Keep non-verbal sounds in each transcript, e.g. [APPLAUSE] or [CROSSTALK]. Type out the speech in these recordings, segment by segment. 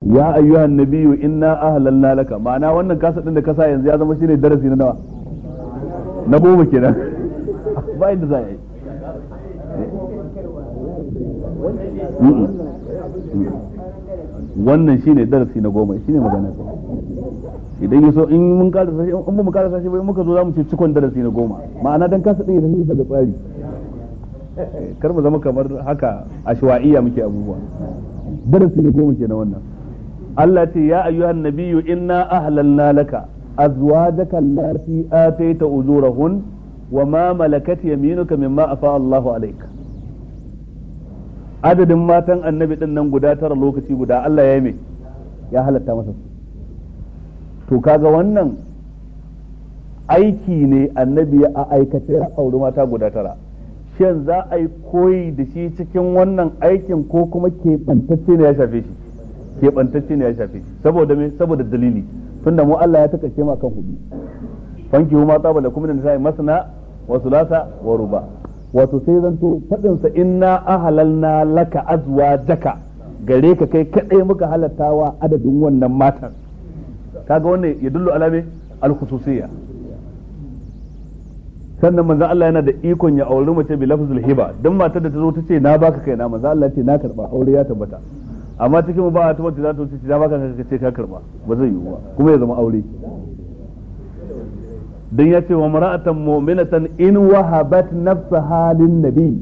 ya ayyuhan nabiyu inna ahlalna laka ma'ana wannan kasa din da kasa yanzu ya zama shine darasi na nawa na goma kenan [LAUGHS] ba inda za a yi wannan shine darasi na goma shine magana idan yaso in mun karasa shi in mun kada sashi bai muka zo zamu ce cikon darasi na goma ma'ana dan kasa din yayin da tsari kar mu zama kamar haka ashwaiya muke abubuwa darasi na goma kenan wannan Allah ce ya ayyuhan nabiyyu inna ahlalna laka azwajaka allati ataita ujurahun wa ma malakat yaminuka mimma afa Allahu alayka adadin matan annabi din nan guda tara lokaci guda Allah ya yi ya halatta masa to kaga wannan aiki ne annabi a aikace ya auri mata guda tara shin za a yi koyi da shi cikin wannan aikin ko kuma keɓantacce ne ya shafe shi keɓantacce ne ya shafe saboda me saboda dalili tunda mu Allah ya taka ce ma kan hudu fanki huma tsaba da kuma da nisa'i masna wa sulasa wa ruba wato sai zanto fadin sa inna ahalalna laka azwajaka gare ka kai kadai muka halattawa adadin wannan matan kaga wannan ya dullu alame alkhususiyya sannan manzo Allah yana da ikon ya auri mace bi lafzul hiba dan matar da ta zo ta ce na baka kai na manzo Allah ce na karba aure ya tabbata amma cikin mu ba a tuwar za ta wuce za baka ka ce ka karba ba zai yiwu ba kuma ya zama aure dan ya ce wa mar'atan mu'minatan in wahabat nafsaha lin nabi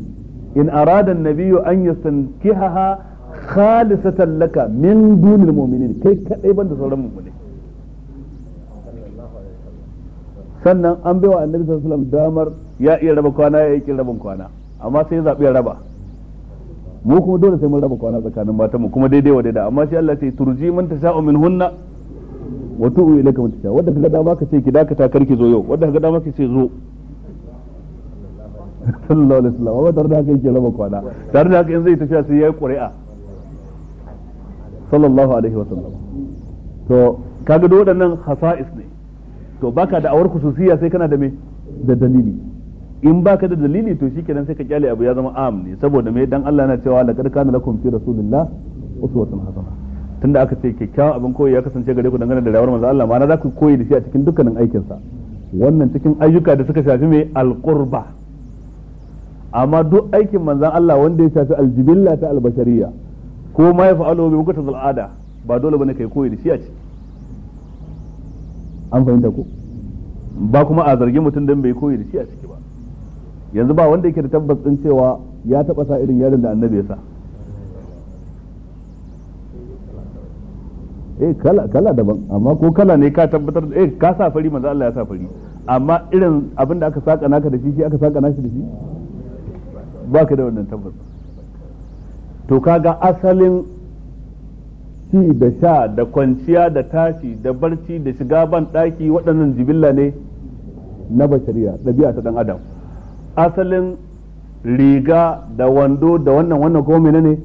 in arada an-nabiy an yastankihaha khalisatan laka min dunil mu'minin kai kadai banda sauran mu'mini sannan an bai wa annabi sallallahu alaihi wasallam damar ya iya raba kwana ya iya rabin kwana amma sai ya zabi ya raba mu kuma dole sai mun raba kwana tsakanin matan mu kuma daidai wa daidai amma shi Allah sai turji man tasha'u min hunna wa tu'u ilaka man tasha'u wanda kaga dama ka ce ki dakata karki zo yau wanda kaga dama ka ce zo [LAUGHS] sallallahu alaihi wasallam amma tare da kai yake raba kwana tare da in zai tafiya sai yayi ƙuri'a sallallahu alaihi wasallam to kaga da waɗannan hasa'is ne to baka da awar khususiyya sai kana da me da dalili in baka da dalili to shikenan sai ka kyale abu ya zama am ne saboda me dan Allah yana cewa kad kana lakum fi rasulillah uswatun hasana tunda aka ce kyakkyawan abin koyi ya kasance gare ku dangane da rayuwar manzo Allah ma'ana za ku koyi da shi a cikin dukkanin aikinsa wannan cikin ayyuka da suka shafi mai alqurba amma duk aikin manzon Allah wanda ya shafi aljibilla ta albashariya ko ma ya fa'alu bi mukata al'ada ba dole bane kai koyi da shi a ciki an fahimta ko ba kuma a zargi mutum dan bai koyi da shi a ciki ba yanzu ba wanda yake da tabbas din cewa ya taba sa irin yarin da annabi ya sa eh kala kala daban amma ko kala ne ka tabbatar eh ka sa fari manzo Allah ya sa fari amma irin abin da aka saka naka da shi shi aka saka nashi da shi ba ka da wannan tabbas to kaga asalin ci da sha da kwanciya da tashi da barci da shiga ban daki waɗannan jibilla ne na bashariya ɗabi'a ta ɗan adam asalin riga da wando da wannan wannan kuma ne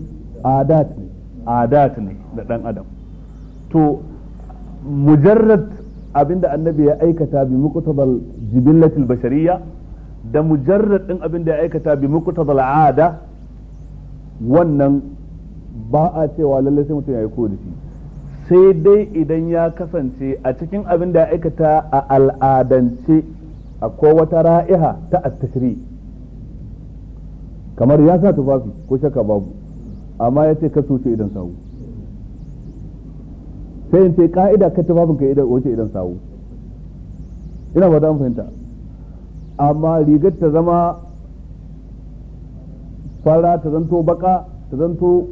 adat ne adat ne da dan adam to mujarrad abinda annabi ya aikata bi muqtadal jibillatil bashariyya da mujarrad din abinda ya aikata bi muqtadal ada wannan ba a cewa lalle sai mutum ya yi da shi sai dai idan ya kasance a cikin abinda ya aikata a al'adance akwai wata ra'iha ta attashri kamar ya sa tufafi ko shaka babu amma ya ce ka ce idan sawu sai in ce ka'ida ka tufafin ka idan wace idan sawu ina ba an fahimta amma rigar ta zama fara ta zanto baka ta zanto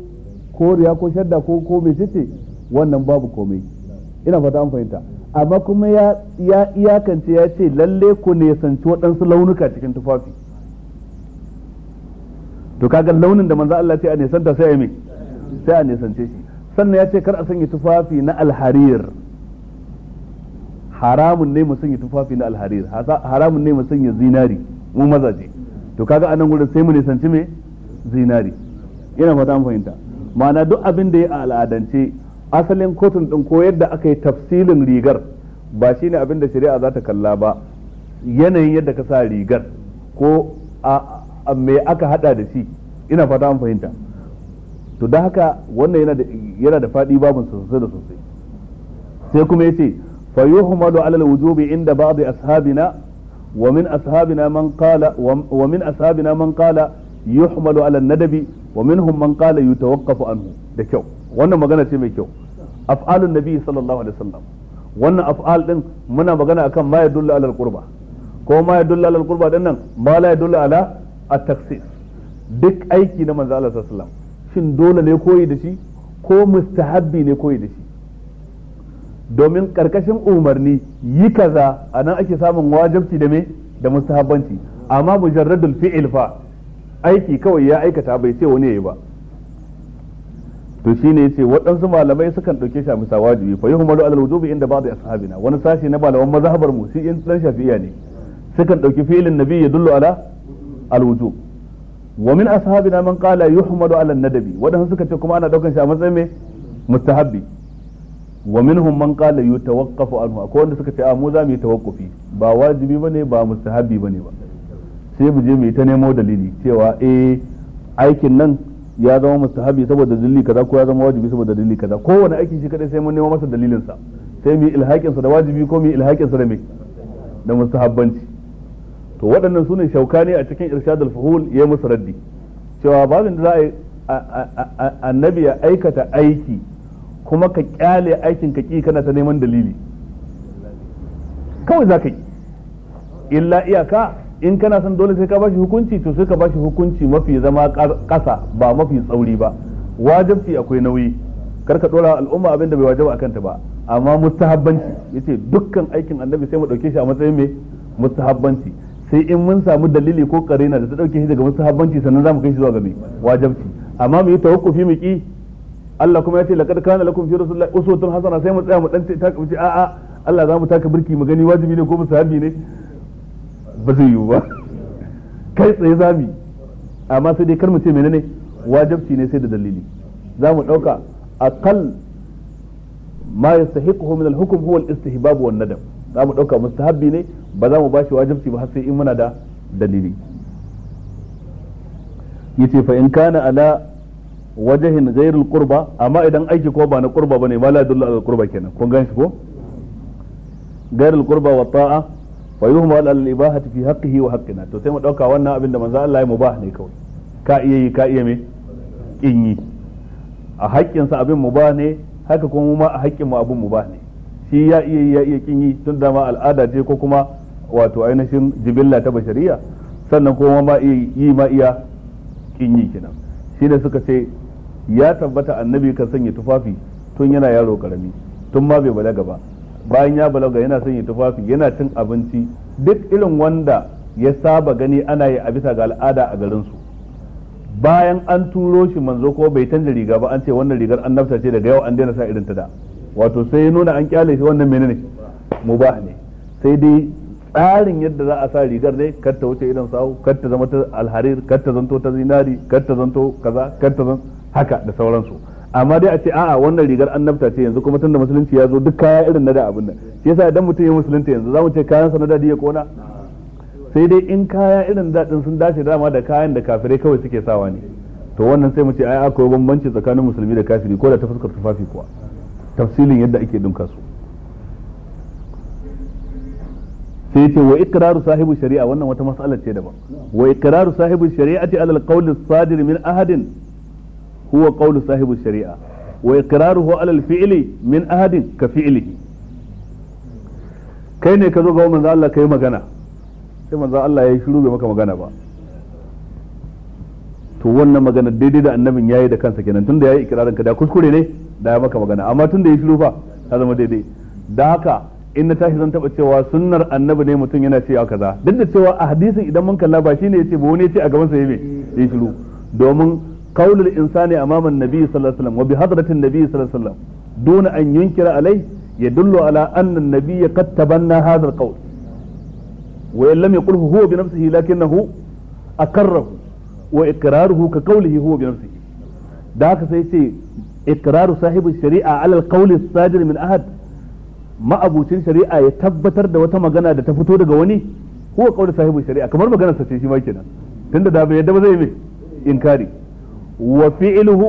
koriya ko shadda ko ko mai wannan babu komai ina fata an fahimta amma kuma ya iyakance ya ce lalle ku ne sanci waɗansu launuka cikin tufafi to kaga launin da manzo Allah ce a nesanta sai a yi sai a nesance shi sannan ya ce kar a sanya tufafi na alharir haramun ne mu sanya tufafi na alharir haramun ne mu sanya zinari mu mazaje to kaga anan gurin sai mu nisanci me zinari ina fata an fahimta ma'ana duk abin da ya al'adance asalin kotun ɗin ko yadda aka yi tafsilin rigar ba shi ne abinda shari'a za ta kalla ba yanayin yadda ka sa rigar ko a me aka hada da shi ina fata an fahimta to da haka wannan yana da yana da fadi babun sosai da sosai sai kuma yace fa yuhmalu ala alwujubi inda ba'd ashabina wa min ashabina man wa min ashabina man qala yuhmalu ala an-nadabi wa minhum man qala yutawaqqafu anhu da kyau wannan magana ce mai kyau af'alun nabi sallallahu alaihi wasallam wannan af'al din muna magana akan ma yadullu alal qurba ko ma yadullu alal qurba din nan ma la yadullu ala at taksis duk aiki na manzo Allah sallallahu alaihi wasallam shin dole ne koyi da shi ko mustahabbi ne koyi da shi domin karkashin umarni yi kaza anan ake samun wajibci da me da mustahabbanci amma mujarradul fi'il fa aiki kawai ya aikata bai ce wani yayi ba to shine yace waɗansu malamai sukan ɗauke shi a bisa wajibi fa malu alal wujubi inda ba'd ashabina wani sashi na malaman mazhabar mu shi in dan shafi'iyya ne sukan ɗauki fi'ilin nabi ya dullu ala al wujub wa min ashabina man qala yuhmalu ala nadabi waɗansu suka ce kuma ana ɗaukan shi a matsayin me mustahabbi wa minhum man qala yutawaqqafu anhu ko wanda suka ce a mu za mu yi tawaqqufi ba wajibi bane ba mustahabbi bane ba sai mu je mu yi ta nemo dalili cewa eh aikin nan ya zama mustahabi saboda dalili kaza ko ya zama wajibi saboda dalili kaza kowane aikin shi kadai sai mun nemo masa dalilin sa sai mu ilhakin sa da wajibi ko mu ilhakin sa da me da mustahabbanci to waɗannan sune ne a cikin irshadul fuhul ya musu raddi cewa babin da za a annabi ya aikata aiki kuma ka kyale aikin ka ki kana ta neman dalili kawai za ka yi illa iyaka in kana son dole sai ka bashi hukunci to sai ka bashi hukunci mafi zama kasa ba mafi tsauri ba wajabci akwai nauyi kar ka dora al'umma abin da bai wajaba akan ta ba amma mustahabbanci yace dukkan aikin annabi sai mu dauke shi a matsayin me mustahabbanci sai in mun samu dalili ko karina da ta dauke shi daga mustahabbanci sannan zamu kai shi zuwa ga me wajibci amma mu yi tawakkufi mu ki Allah kuma ya ce laqad kana lakum fi rasulillahi uswatun hasana sai mu tsaya mu dan ta kace a'a Allah za mu taka birki mu gani wajibi ne ko mustahabi ne ba zai yiwu ba kai tsaye za mu amma sai dai kar mu ce ne wajabci ne sai da dalili za mu ɗauka aqal ma yastahiquhu min al-hukm huwa al-istihbab nadam za mu ɗauka mustahabbi ne ba za mu bashi wajabci ba har sai in muna da dalili yace fa in kana ala wajahin ghairul qurba amma idan aiki ko ba na qurba bane ma la al qurba kenan kun gan ko ghairul qurba wa ta'a fa yuhma al ibahati fi haqqihi wa haqqina to sai mu dauka wannan abin da manzo Allah ya mubah ne kawai ka iya yi ka iya me in yi a haƙƙin sa abin mubah ne haka kuma mu ma a haƙƙin mu abin mubah ne shi ya iya yi ya iya kin yi tun da ma al'ada ce ko kuma wato ainihin jibilla ta bashariya sannan kuma ma iya yi ma iya kin yi kenan ne suka ce ya tabbata annabi kan sanya tufafi tun yana yaro karami tun ma bai balaga ba bayan ya balaga yana son ya tufafi yana cin abinci duk irin wanda ya saba gani ana yi a bisa ga al'ada a garin su bayan an turo shi manzo ko bai canza riga ba an ce wannan rigar an nafta ce daga yau an daina sa irin ta da wato sai ya nuna an kyale shi wannan menene mubah ne sai dai tsarin yadda za a sa rigar ne kar ta wuce idan sawu kar ta zama ta alharir kar ta zanto ta zinari kar ta zanto kaza kar ta zanto haka da sauransu amma dai a ce a'a wannan rigar annabta ce yanzu kuma tunda musulunci ya zo duk kaya irin na da abin nan shi yasa idan mutum ya musulunta yanzu zamu ce kayan sa na dadi ya kona sai dai in kaya irin dadin sun dace dama da kayan da kafirai kawai suke sawa ne to wannan sai mu ce ai akwai bambanci tsakanin musulmi da kafiri ko da ta fuskar tufafi kuwa tafsilin yadda ake dinka su sai ce wa ikraru sahibi shari'a wannan wata mas'alar ce daban wa ikraru sahibi shari'ati alal qawli sadir min ahadin huwa qawlu sahibi shari'a wa iqraruhu ala al-fi'li min ahadin ka fi'lihi kai ne ka zo ga manzo Allah kai magana sai manzo Allah ya shiru bai maka magana ba to wannan magana daidai da annabin yayi da kansa kenan tunda yayi ikrarin ka da kuskure ne da ya maka magana amma tunda ya shiru fa ta zama daidai da haka in na tashi zan taba cewa sunnar annabi ne mutum yana cewa kaza duk da cewa a hadisin idan mun kalla ba shine yace ba wani yace a gaban sa yayi ya shiru domin qaulul insani amama an-nabi sallallahu alaihi wasallam wa bi hadratin nabi sallallahu alaihi wasallam duna an yunkira alai yadullu ala anna an-nabiy qad tabanna hadha al-qawl wa in lam yaqulhu huwa bi nafsihi lakinnahu akarrahu wa iqraruhu ka qawlihi huwa bi nafsihi da haka sai ce iqraru sahibi shari'a ala al-qawli ahad ma'abucin shari'a ya tabbatar da wata magana da ta fito daga wani huwa qawli sahibi shari'a kamar maganar sa shi ma tunda da bai yadda zai mai inkari wa fi'luhu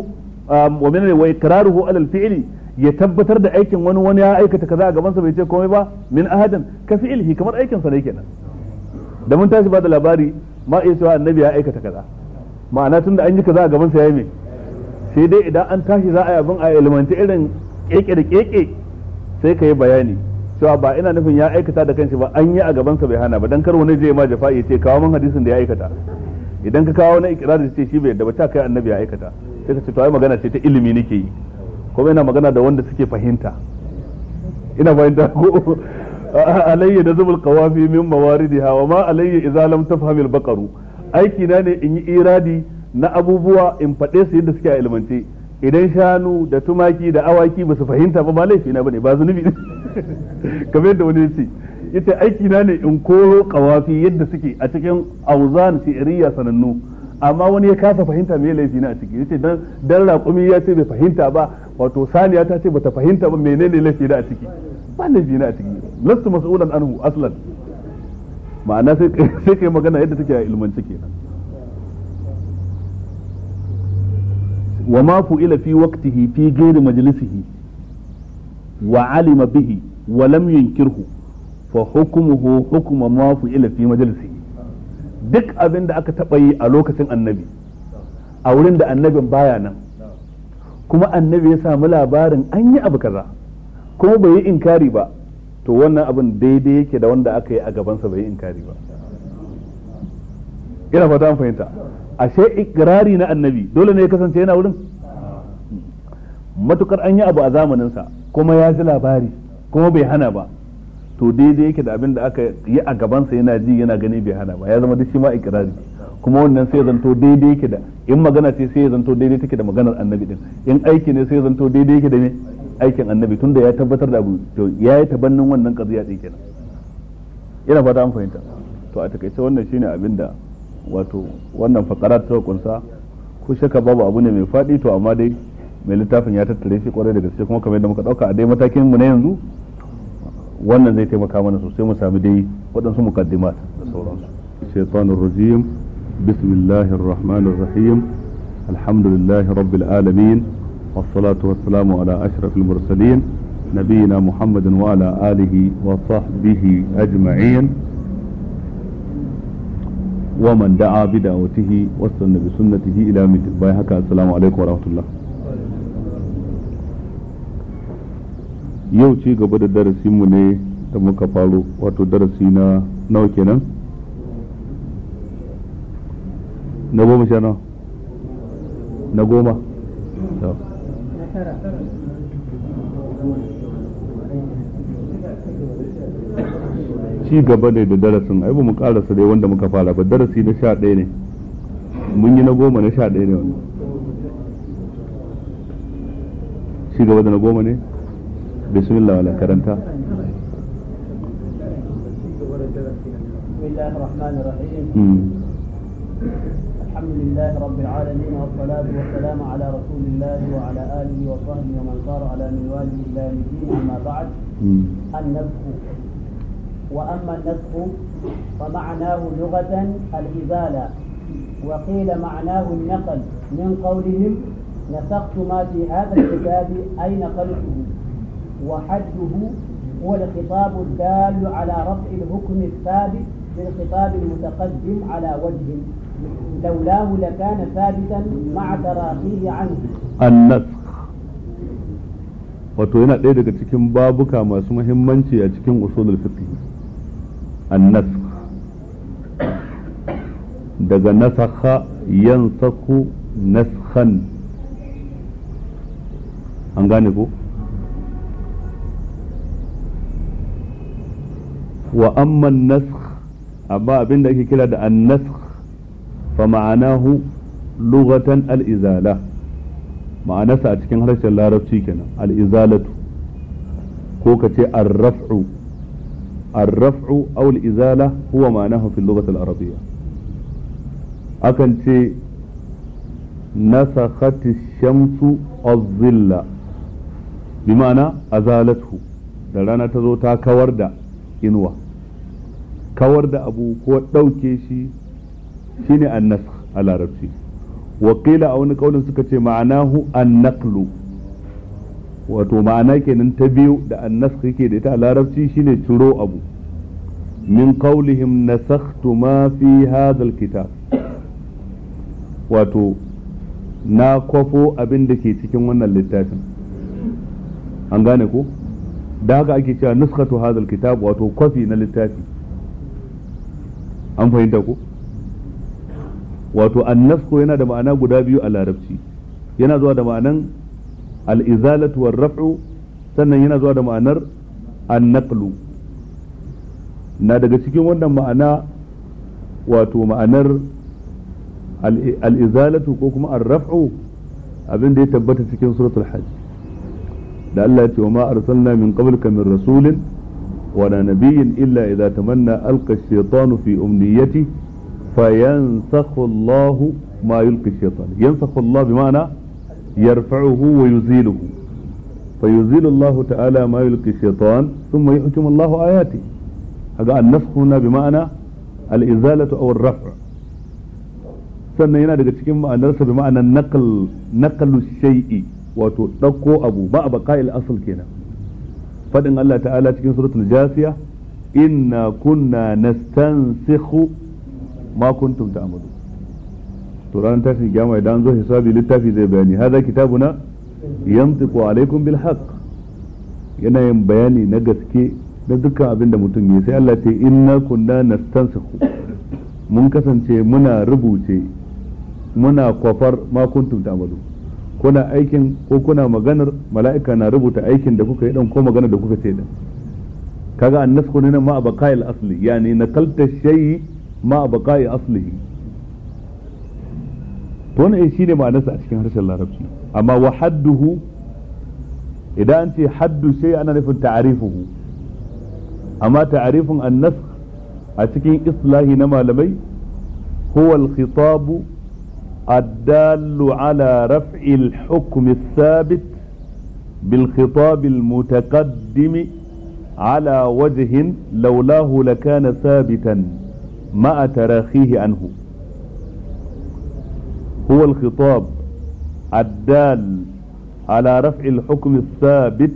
um, wa min wa ikraruhu ala al-fi'li ya tabbatar da aikin wani wani ya aikata kaza a gabansa bai ce komai ba min ahadan ka fi'lihi kamar aikin sa ne kenan da mun tashi ba da labari ma iya cewa annabi ya aikata kaza ma'ana tun da an yi kaza a gabansa yayi me sai dai idan an tashi za a yi abin a ilmanci irin keke da keke sai ka yi bayani cewa ba ina nufin ya aikata da kanshi ba an yi a gabansa bai hana ba dan kar wani je ma jafa'i ce kawo man hadisin da ya aikata idan ka kawo na ikirarin sai shi bai da ba ta kai annabi ya aikata sai ka ce to magana ce ta ilimi nake yi kuma ina magana da wanda suke fahimta ina fahimta ko [LAUGHS] alayya da zubul qawafi min mawaridiha wa ma alayya idza lam tafhamil baqaru aiki na ne in yi iradi na abubuwa in faɗe su yadda suke a ilmance idan shanu da tumaki da awaki ba su fahimta ba ba laifi na bane ba zunubi [LAUGHS] kamar yadda wani ya ce yace aiki na ne in koro kawafi yadda suke a cikin auzan shi'riya sanannu amma wani ya kasa fahimta me laifi na a ciki yace dan dan raƙumi ya ce bai fahimta ba wato saniya ta ce bata fahimta ba menene laifi da a ciki ba laifi na a ciki lastu mas'ulan anhu aslan ma'ana sai sai kai magana yadda take a ilmance kenan wa ma ila fi waqtihi fi ghairi majlisihi wa alima bihi wa lam yunkirhu fa hukmuhu hukmu ma fi ila fi majalisi duk abin da aka taba yi a lokacin annabi a wurin da annabin baya nan kuma annabi ya samu labarin an yi abu kaza kuma bai yi inkari ba to wannan abin daidai yake da wanda aka yi a gabansa bai yi inkari ba ina fata an fahimta ashe ikirari na annabi dole ne ya kasance yana wurin matukar an yi abu a zamanin sa kuma ya ji labari kuma bai hana ba to daidai yake da abin da aka yi a gabansa yana ji yana gani bai hana ba ya zama duk shi ma ikirari kuma wannan sai zanto daidai yake da in magana ce sai zanto daidai take da maganar annabi din in aiki ne sai zanto daidai yake da ne aikin annabi tunda ya tabbatar da abu to ya yi tabannin wannan kaziya din kenan ina fata an fahimta to a takaice wannan shine abin da wato wannan fakara ta kunsa ko shaka babu abu ne mai fadi to amma dai mai littafin ya tattare shi kwarai da gaske kuma kamar yadda muka dauka a dai matakin mu na yanzu wannan zai taimaka mana sosai mu samu dai waɗansu mukaddimat da sauransu shaitanir rajim bismillahir rahmanir rahim alhamdulillahi rabbil alamin wassalatu wassalamu ala ashrafil mursalin nabiyina muhammadin wa ala alihi wa sahbihi ajma'in wa man da'a bi دعا بدعوته واستنى sunnatihi ila مثل bai haka assalamu alaikum wa الله yau ci gaba da darasinmu ne da muka faro wato darasi na nawa kenan na goma sha nawa na goma ci gaba ne da darasin ai ba mu karasa dai wanda muka fara ba darasi na sha ɗaya ne mun yi na goma na sha ɗaya ne wani ci gaba da na goma ne بسم الله ولا karanta بسم الله الرحمن الرحيم الحمد لله رب العالمين والصلاة والسلام على رسول الله وعلى آله وصحبه ومن صار على منواله إلى الدين أما بعد النسخ وأما النسخ فمعناه لغة الإزالة وقيل معناه النقل من قولهم نسخت ما في هذا الكتاب أي نقلته وحده هو الخطاب الدال على رفع الحكم الثابت للخطاب المتقدم على وجه لولاه لكان ثابتا مع تراخيه عنه النسخ wato yana ɗaya daga cikin babuka masu muhimmanci a cikin usulul fiqh annas daga nasakha yansakhu naskhan an gane ko wa amma nasakh amma abin da ake kira da annasakh fa ma'anahu lughatan al-izala ma'anarsa a cikin harshen larabci kenan al-izalatu ko ka ce ar-raf'u ar-raf'u aw al-izala huwa ma'anahu fi al-lughah al-arabiyya akan ce nasakhat ash-shamsu az-zilla bi ma'ana azalatu da rana ta zo ta kawar da inuwa kawar da abu ko ɗauke shi shine annas a larabci wakila a wani kaunin suka ce ma'anahu annaqlu wato ma'ana kenan ta biyu da annas yake da ita a larabci shine ciro abu min kaulihim nasakhtu ma fi hadha alkitab wato na kwafo abin da ke cikin wannan littafin an gane ko da haka ake cewa nuskatu hadha alkitab wato kwafi na littafi an fahimta ko wato annasku yana da ma'ana guda biyu a larabci yana zuwa da ma'anan alizalatu wa raf'u sannan yana zuwa da ma'anar annaklu na daga cikin wannan ma'ana wato ma'anar al ko kuma ar-raf'u abin ya tabbata cikin suratul hajj da Allah ya ce wa ma arsalna min qablika min rasulin ولا نبي إلا إذا تمنى ألقى الشيطان في أمنيته فينسخ الله ما يلقي الشيطان ينسخ الله بمعنى يرفعه ويزيله فيزيل الله تعالى ما يلقي الشيطان ثم يحكم الله آياته هذا النسخ هنا بمعنى الإزالة أو الرفع سنينا لك daga أن ma'anarsa بمعنى النقل نقل الشيء shay'i wato بقاء الأصل ba fadin Allah ta'ala cikin suratul jasiya inna kunna nastansikhu ma kuntum ta'malu to ranar tashin kiyama idan zo hisabi littafi zai bayani hadha kitabuna yantiqu alaikum bil haqq yana yin bayani na gaske da dukkan abin da mutum ya sai Allah ce inna kunna nastansikhu mun kasance muna rubuce muna kwafar ma kuntum ta'malu kuna aikin ko kuna maganar mala'ika na rubuta aikin da kuka yi dan ko maganar da kuka sai din kaga annasku ne ma abaqa'il asli yani kalta shay ma abaqa'i asli to eh shi ne ma'anarsa a cikin harshen larabci amma wa hadduhu idan an ce haddu shay ana nufin ta'arifuhu amma an annas a cikin islahi na malamai huwa al-khitabu الدال على رفع الحكم الثابت بالخطاب المتقدم على وجه لولاه لكان ثابتا ما تراخيه عنه هو الخطاب الدال على رفع الحكم الثابت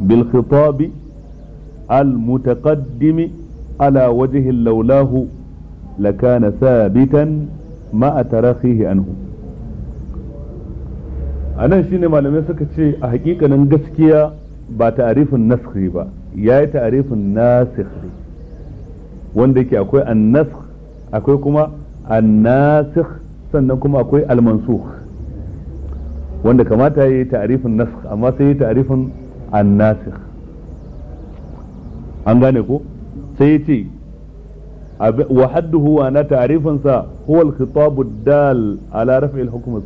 بالخطاب المتقدم على وجه لولاه لكان ثابتا ma a tarahihi anhu a nan shine malamai suka ce a hakikanin gaskiya ba ta'arifin nasri ba ya yi ta'arifin nasikhi wanda yake akwai an akwai kuma an sannan kuma akwai al wanda kamata ya yi ta'arifin nasikh amma sai ya yi ta'arifin an an gane ko sai ya ce wa hadduhu wa na ta'rifinsa huwa al dal ala raf'i al-hukm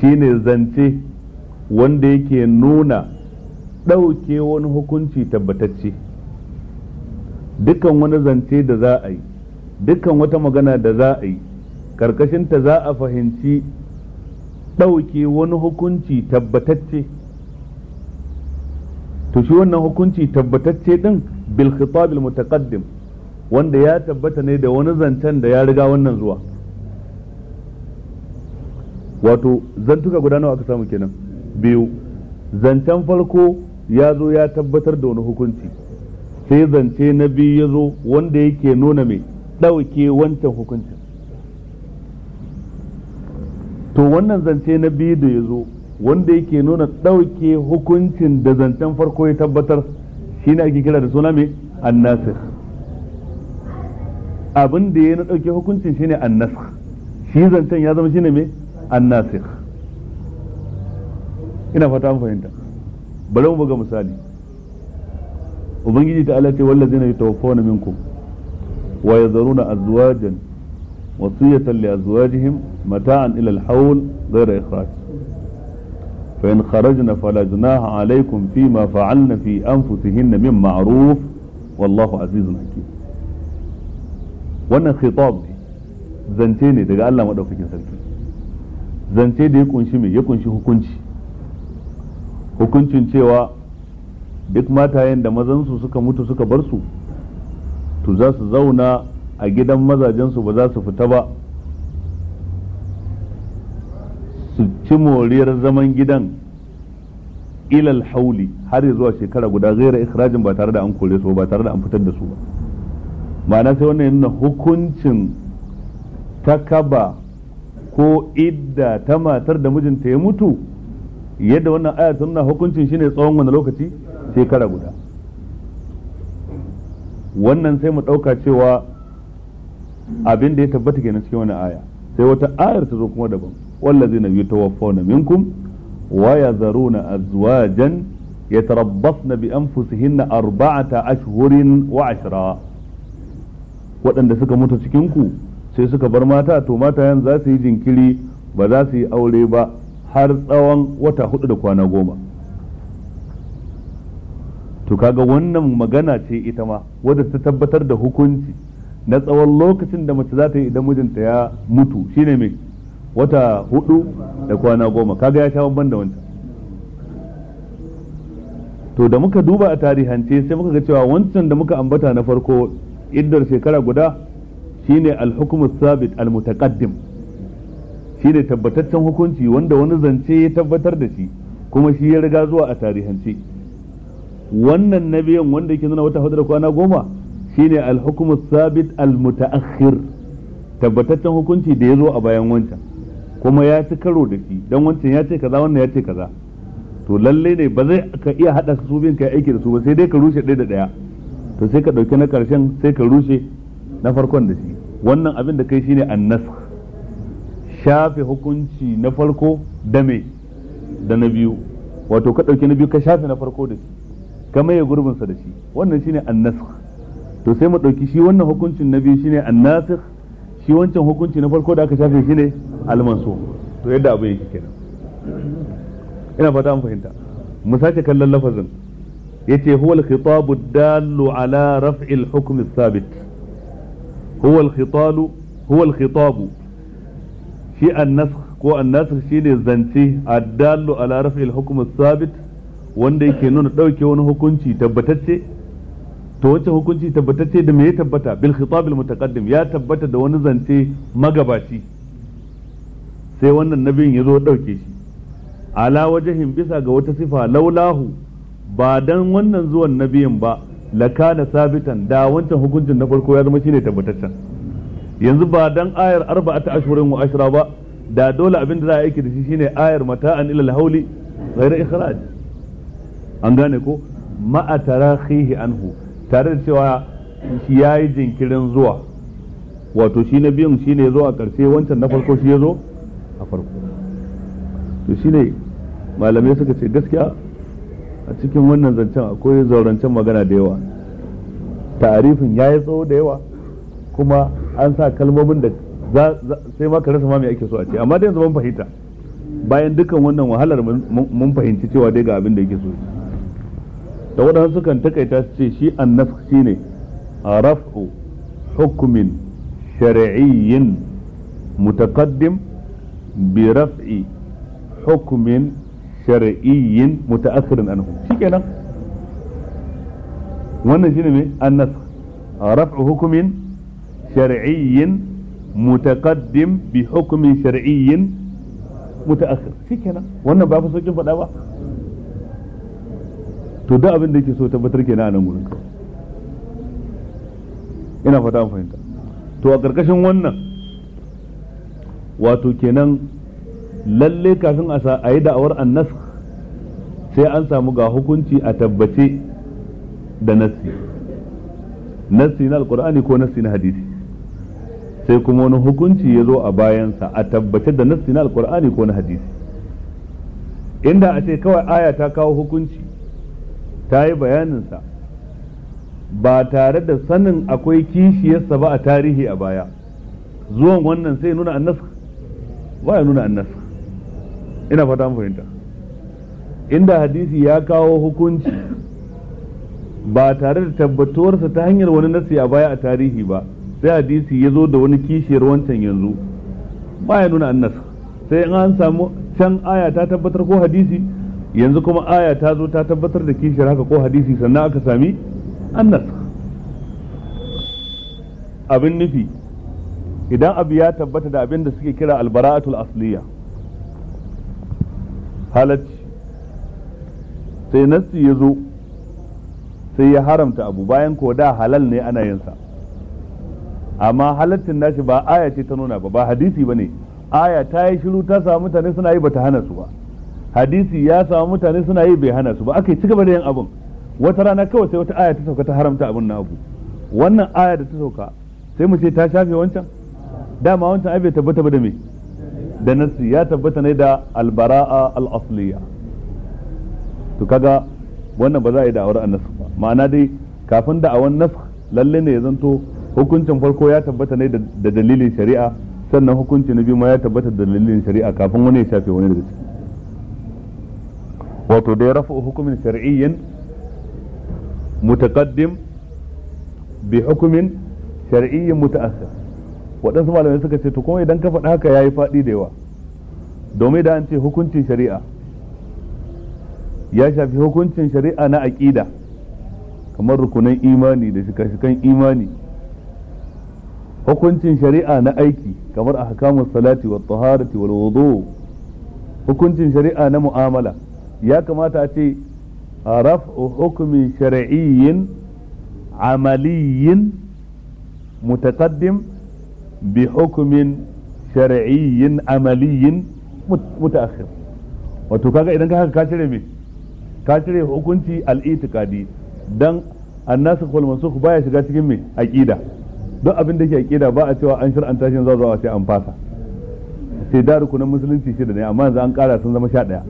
shine zance wanda yake nuna dauke wani hukunci tabbatacce dukkan wani zance da za a yi dukkan wata magana da za a yi karkashinta za a fahimci dauke wani hukunci tabbatacce to shi wannan hukunci tabbatacce din bil khitabil mutaqaddim wanda ya tabbata ne da wani zancen da ya riga wannan zuwa wato zantuka guda nawa aka samu kenan biyu zancen farko ya zo ya tabbatar da wani hukunci sai zance na biyu ya zo wanda yake nuna mai ɗauke wancan hukuncin to wannan zance na biyu da ya zo wanda yake nuna ɗauke hukuncin da zancen farko ya tabbatar shi ne ake kira da suna mai annasir abin da ya na ɗauke hukuncin ne annasir shi zancen ya zama shi ne mai annasir ina fata an fahimta bari mu buga misali ubangiji ta alace wallazina yatawaffawna minku wa azuwajen wasu wasiyatan li azuwajihim mata'an ila al-hawl ghayra ikhraj فإن خرجنا فلا جناح عليكم فيما فعلنا في أنفسهن من معروف والله عزيز حكيم wannan khitab ne zance ne daga Allah madaukakin sarki zance da ya kunshi mai ya kunshi hukunci hukuncin cewa duk matayen da mazansu suka mutu suka bar su to za su zauna a gidan mazajensu ba za su fita ba su ci moriyar zaman gidan ilal hauli har zuwa shekara guda zaira ikhrajin ba tare da an kore su ba tare da an fitar da su ba ma'ana sai wannan yana hukuncin ta kaba ko idda ta matar da mijinta ya mutu yadda wannan aya ta nuna hukuncin shine tsawon wani lokaci shekara guda wannan sai mu ɗauka cewa abin da ya tabbata kenan cikin wani aya sai wata ayar ta zo kuma daban na zaru والذين يتوفون منكم ويذرون أزواجا يتربصن بأنفسهن أربعة أشهر وعشرا waɗanda suka mutu cikinku sai suka bar mata to matayan za su yi jinkiri ba za su yi aure ba har tsawon wata hudu da kwana goma to kaga wannan magana ce ita ma wadda ta tabbatar da hukunci na tsawon lokacin da mace za ta yi idan mijinta ya mutu shine mai wata hudu da kwana goma kaga ya sha bamban da wancan to da muka duba a tarihance sai muka ga cewa wancan da muka ambata na farko iddar shekara guda shine al-hukmu sabit al-mutaqaddim shine tabbataccen hukunci wanda wani zance ya tabbatar da shi kuma shi ya riga zuwa a tarihance wannan na biyan wanda yake nuna wata hudu da kwana goma shine al sabit al-mutaakhir tabbataccen hukunci da ya zo a bayan wancan kuma ya ci karo da shi dan wancan ya ce kaza wannan ya ce kaza to lalle ne ba zai ka iya hada su bin ka aiki da su ba sai dai ka rushe ɗaya da ɗaya to sai ka ɗauki na ƙarshen sai ka rushe na farkon da shi wannan abin da kai shine annas shafe hukunci na farko da me da na biyu wato ka ɗauki na biyu ka shafe na farko da shi ka maye gurbinsa da shi wannan shine annas to sai mu ɗauki shi wannan hukuncin na biyu shine annasikh shi wancan hukunci na farko da aka shafe shi ne almanso to yadda abu yake kenan ina fata an fahimta mu sake kallon lafazin yace huwa al-khitabu dallu ala raf'i al-hukm ath-thabit huwa al-khitalu huwa al-khitabu shi an-nasakh ko an-nasr shine zance ad-dallu ala raf'i al-hukm ath-thabit wanda yake nuna dauke wani hukunci tabbatacce to wacce hukunci tabbatacce da me ya tabbata bil khitab al mutaqaddim ya tabbata da wani zance magabaci sai wannan nabiyin ya zo dauke shi ala wajahin bisa ga wata sifa laulahu ba dan wannan zuwan nabiyin ba lakana sabitan da wancan hukuncin na farko ya zama shine tabbataccen yanzu ba dan ayar arba'ata ashhurin wa ashra ba da dole abin da za a aiki da shi shine ayar mata'an ila al ghayra ikhraj an gane ko ma atarahihi anhu tare da cewa shi ya yi jinkirin zuwa wato shi na biyun shi ne zo a ƙarshe wancan na farko shi ya zo a farko to shi ne malamai suka ce gaskiya a cikin wannan zancen akwai zaurancen magana da yawa tarifin ya yi tsawo da yawa kuma an sa kalmomin da sai ma rasa ma ake so a ce amma da yanzu mun fahimta bayan dukan wannan wahalar mun fahimci cewa dai ga abin da yake so da waɗansu sukan takaita su ce shi an shi ne raf'u hukumin shari'iyyin mutaqaddim bi raf'i hukumin shari'iyyin mutaakhirin anhu shikenan wannan shine ne me annaf raf'u hukumin shari'iyyin mutaqaddim bi hukumin shari'iyyin mutaakhir shikenan wannan ba fa sokin faɗa ba to duk abin da yake so tabbatar kenan a nan gurin ina fata an fahimta to a ƙarƙashin wannan wato kenan lalle kafin a yi da'awar annas sai an samu ga hukunci a tabbace da nassi nassi na alkur'ani ko nassi na hadisi sai kuma wani hukunci ya zo a bayansa a tabbace da nassi na alkur'ani ko na hadisi inda a ce kawai aya ta kawo hukunci ta yi bayaninsa ba tare da sanin akwai kishiyarsa ba a tarihi a baya zuwan wannan sai nuna annas ba ya nuna annas ina fata mu fahimta inda hadisi ya kawo hukunci ba tare da tabbatuwarsa ta hanyar wani nasi a baya a tarihi ba sai hadisi ya zo da wani kishiyar wancan yanzu ba ya nuna annas sai an samu can aya ta tabbatar ko hadisi yanzu kuma aya ta zo ta tabbatar da kishiyar haka ko hadisi sannan aka sami annas abin nufi idan abu ya tabbata da abin da suke kira albara'atul asliya halacci sai nassi ya zo sai ya haramta abu bayan ko da halal ne ana yinsa amma halattin nashi ba aya ce ta nuna ba ba hadisi ba ne aya ta yi shiru ta samu mutane suna yi bata hana su ba hadisi ya samu mutane suna yi bai hana su ba aka yi cigaba da yin abun wata rana kawai sai wata aya ta sauka ta haramta abun na abu wannan aya da ta sauka sai mu ce ta shafe wancan dama wancan abin bai tabbata ba da me da nasi ya tabbata ne da albara'a al to kaga wannan ba za a yi da'awar annas ba ma'ana dai kafin da'awar nasakh lalle ne ya zanto hukuncin farko ya tabbata ne da dalilin shari'a sannan hukunci na biyu ma ya tabbata da dalilin shari'a kafin wani ya shafe wani daga ciki wato da ya rafa hukumin shar'iyyin mutaqaddim bi hukumin shar'iyyin mutaassir waɗansu malamai suka ce to kuma idan ka faɗa haka yayi faɗi da yawa domin da an ce hukuncin shari'a ya shafi hukuncin shari'a na aƙida kamar rukunan imani da shika-shikan imani hukuncin shari'a na aiki kamar ahkamus salati wat taharati wal wudu hukuncin shari'a na mu'amala ya kamata a ce raf hukumi shari'iyyin amaliyyin mutaqaddim bi hukumin shari'iyyin amaliyyin mutaakhir wato kaga idan ka haka ka cire me ka cire hukunci al'itikadi itiqadi dan annasu wal mansukh baya shiga cikin me aqida duk abin da yake aqida ba a cewa an an shi zazo a ce an fasa sai da na musulunci shida ne amma yanzu an kara sun zama sha daya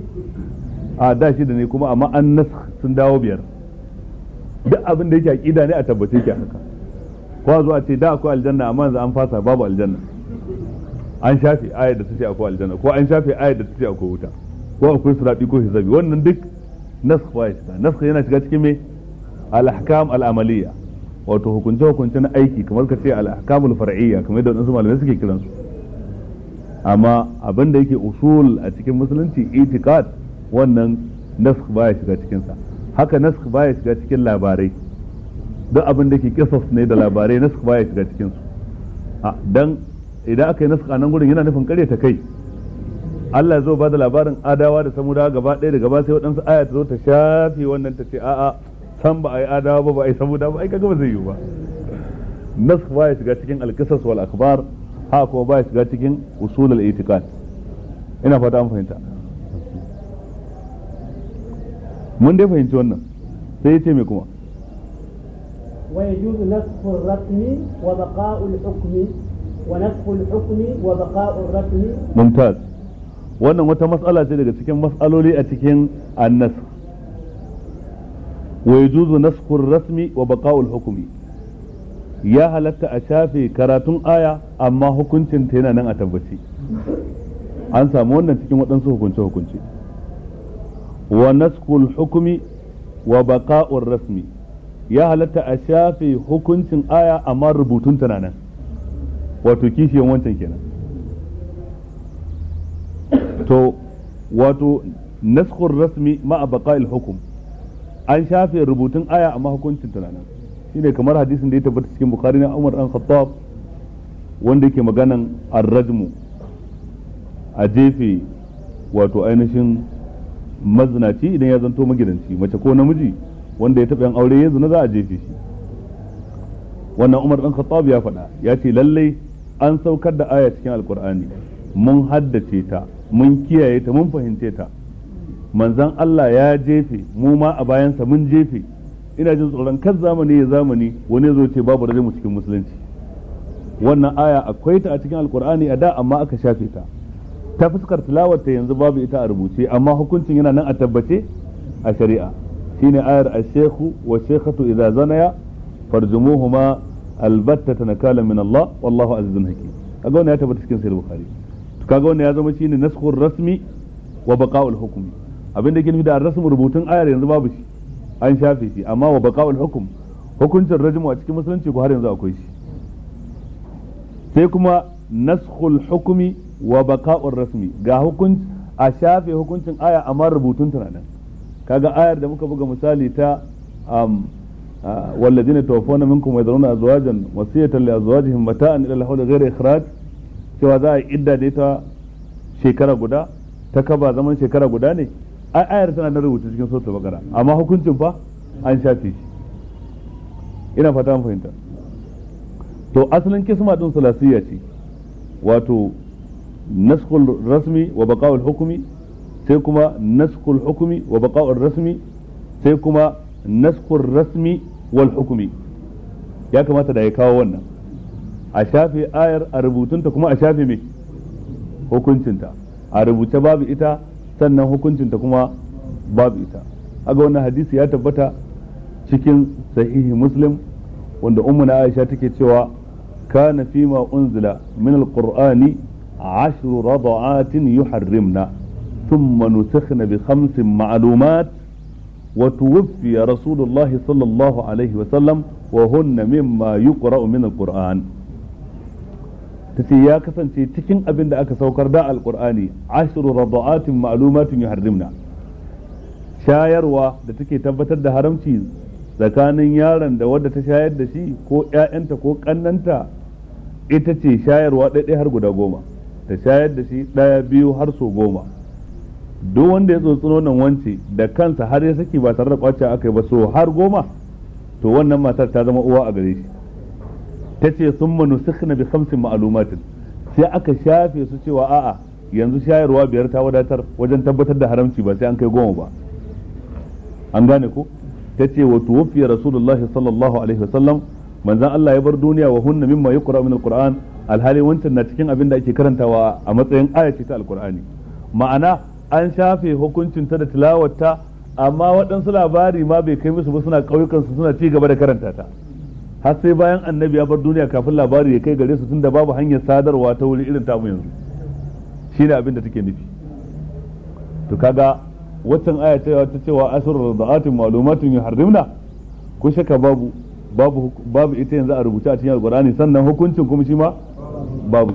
a da shida ne kuma amma an nas sun dawo biyar duk abin da yake aqida ne a tabbace yake haka ko zuwa ce da akwai aljanna amma yanzu an fasa babu aljanna an shafe ayar da tace akwai aljanna ko an shafe ayar da tace akwai wuta ko akwai sirati ko hisabi wannan duk nasakh ba ya shiga nasakh yana shiga cikin me al-ahkam al wato hukunce hukunce na aiki kamar ka ce al-ahkamul far'iyya kamar yadda wadansu malamai suke kiransu amma abin da yake usul a cikin musulunci itiqad wannan ba baya shiga cikinsa haka ba baya shiga cikin labarai duk abin da ke kisas ne da labarai ba baya shiga cikinsu don idan aka yi nasu a nan gudun yana nufin karya ta kai Allah zo ba da labarin adawa da samuda gaba ɗaya da gaba sai waɗansu aya ta zo ta shafe wannan ta ce a'a san ba a yi adawa ba ba a yi samudawa ba ai kaga ba zai yiwu ba nasu ba ya shiga cikin alkisas wal akbar haka kuma ba ya shiga cikin usul al itiqad ina fata an fahimta mun dai fahimci wannan sai ya ce mai kuma ويجوز wa wannan wata matsala ce daga cikin matsaloli a cikin annas wai juzu naskun rasmi wa baka'ul hukmi ya halatta a shafe karatun aya amma hukuncin ta yana nan a tabbaci an samu wannan cikin waɗansu hukunce hukunce wa naskul hukumi wa baka'ur rasmi ya halatta a shafe hukuncin aya amma rubutun tunanin nan wato kishiyan wancan kenan to wato naskul rasmi ma'a baka'il hukum an shafe rubutun aya amma hukuncin tunanin nan shine kamar hadisin da ya tabbata cikin bukari na umar dan khattab wanda yake maganan rajmu a jefe wato ainihin mazinaci idan ya zanto magidanci mace ko namiji wanda ya taɓa yan aure ya zina za a jefe shi wannan umar ɗan khattab ya faɗa ya ce lallai an saukar da aya cikin alkur'ani mun haddace ta mun kiyaye ta mun fahimce ta manzan Allah ya jefe mu ma a bayansa mun jefe ina jin tsoron kan zamani ya zamani wani ya zo ce babu da mu cikin musulunci wannan aya akwai ta a cikin alkur'ani a da amma aka shafe ta ta fuskar tilawarta yanzu babu ita a rubuce amma hukuncin yana nan a tabbace a shari'a shine ayar ash-shaykhu wa shaykhatu idza zanaya farjumuhuma albatta nakala min Allah wallahu azizun hakim kaga wannan ya tabbata cikin sahih bukhari to kaga wannan ya zama shine naskhur rasmi wa baqa'ul hukmi abinda yake nufi da rasmi rubutun ayar yanzu babu shi an shafe shi amma wa baqa'ul hukm hukuncin rajmu a cikin musulunci ko har yanzu akwai shi sai kuma naskhul hukmi wa baka'ur rasmi ga hukunci a shafe hukuncin aya amma rubutun tunanin kaga ayar da muka buga misali ta um, والذين توفون منكم ويذرون ازواجا وصيه لازواجهم متاعا الى الحول غير اخراج cewa za a yi idda da ita shekara guda ta kaba zaman shekara guda ne ai ayar tana da rubuta cikin sota bakara amma hukuncin fa an shafe shi ina fata mun fahimta to asalin kisma din salasiyya ce wato naskhul rasmi wa baqa'ul hukmi sai kuma naskhul hukmi wa baqa'ul rasmi sai kuma naskhul rasmi wal ya kamata da ya kawo wannan a shafe ayar a rubutunta kuma a shafe mai hukuncinta a rubuce babu ita sannan hukuncinta kuma babu ita wannan hadisi ya tabbata cikin sahihi muslim wanda ummu na aisha take cewa kana fima unzila min alqur'ani عشر رضعات يحرمنا ثم نسخن بخمس معلومات وتوفي رسول الله صلى wa عليه وسلم وهن مما يقرأ من القرآن tace ya kasance cikin abin da aka saukar da alkur'ani ashiru rada'atin ma'lumatin yuharrimna shayarwa da take tabbatar da haramci tsakanin yaron da wadda ta shayar da shi ko ƴaƴanta ko kannanta ita ce shayarwa ɗaiɗai har guda goma ta shayar da shi ɗaya biyu har so goma duk wanda ya tsotsi nan wance da kansa har ya saki ba tare da kwace aka yi ba so har goma to wannan matar ta zama uwa a gare shi ta ce sun manu na bi hamsin ma'alumatin sai aka shafe su cewa a'a yanzu shayarwa biyar ta wadatar wajen tabbatar da haramci ba sai an kai goma ba an gane ko ta ce wa tuwafiya rasulullahi sallallahu alaihi wasallam manzan Allah ya bar duniya wa hunna mimma yuqra min alquran alhali wancan na cikin abin da ake karantawa a matsayin ayace ta alkur'ani ma'ana an shafe hukuncin ta da tilawarta amma waɗansu labari ma bai kai musu ba suna su suna ci gaba da karanta ta har sai bayan annabi ya bar duniya kafin labari ya kai gare su tunda babu hanyar sadarwa ta wuri irin tamu yanzu shine abin da take nufi to kaga waccan aya ta cewa asrul da'atin malumatun yuharrimna ko shaka babu babu babu ita yanzu a rubuta a cikin alkur'ani sannan hukuncin kuma shi ma babu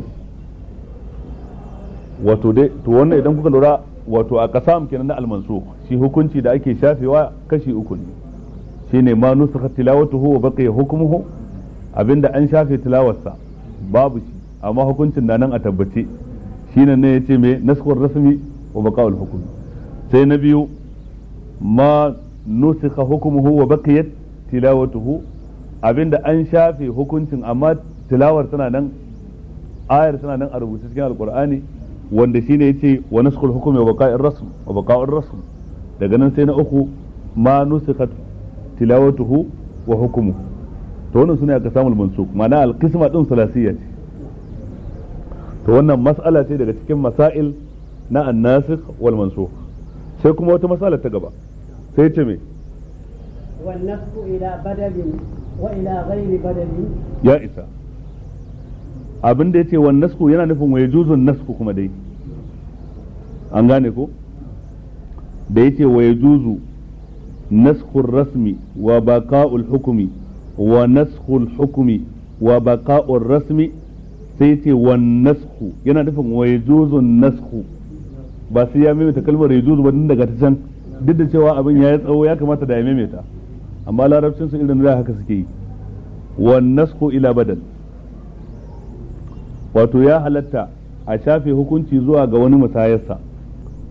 wato dai to wannan idan kuka lura wato a kasam kenan na almansu shi hukunci da ake shafewa kashi uku ne ne ma nusakha tilawatuhu wa ya hukmuhu abinda an shafe tilawarsa babu shi amma hukuncin na nan a tabbace shi ne yace me naskuwar rasmi wa baqaul hukm sai na biyu ma nusakha hukmuhu wa baqiyat tilawatuhu abinda an shafe hukuncin amma tilawar tana nan ayar tana nan a rubuce cikin alkur'ani wanda shine yace wa naskhul hukmi wa baqa'ir rasm wa baqa'ir rasm daga nan sai na uku ma nusikhat tilawatuhu wa hukmu to wannan sune aka samu mansukh ma'ana alqisma din salasiyya ce to wannan mas'ala ce daga cikin masail na annasikh wal mansukh sai kuma wata mas'ala ta gaba sai ce me ila badalin wa ila ghairi badalin ya isa. abin da yace wannan nasku yana nufin wa juzun nasku kuma dai an gane ko da yace wa juzu nasku rasmi wa baqa'ul hukmi wa naskun hukmi wa baka'ul rasmi sai yace wannan nasku yana nufin wa juzun nasku ba sai ya maimaita kalmar juzu ba daga ta can duk da cewa abin ya yi tsawo ya kamata da ya maimaita amma larabcin sun irin da haka suke yi wannan nasku ila badal wato ya halatta a shafe hukunci zuwa ga wani musayarsa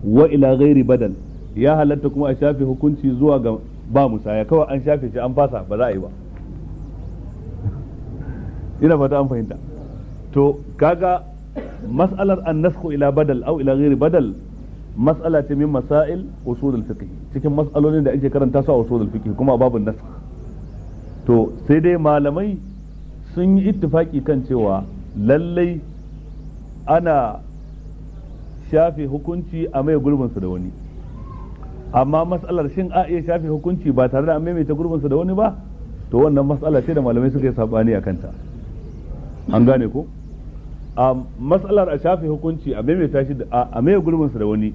wa ila ghairi badal ya halatta kuma a shafe hukunci zuwa ga ba musaya kawai an shafe shi an fasa ba za a yi ba [LAUGHS] ina fata an fahimta to kaga mas'alar an nasku ila badal au ila ghairi badal mas'ala ce min masail usul al-fiqh cikin mas'alolin da ake karanta su a usul al-fiqh kuma babun nasku to sai dai malamai sun yi ittifaki kan cewa lallai ana shafe hukunci a mai gurbinsa da wani amma matsalar shin a iya shafe hukunci ba tare da an maimaita gurbinsa da wani ba to wannan matsala ce da malamai suka yi sabani a kanta an gane ko a matsalar a shafe hukunci a maimaita shi a mai gurbinsa da wani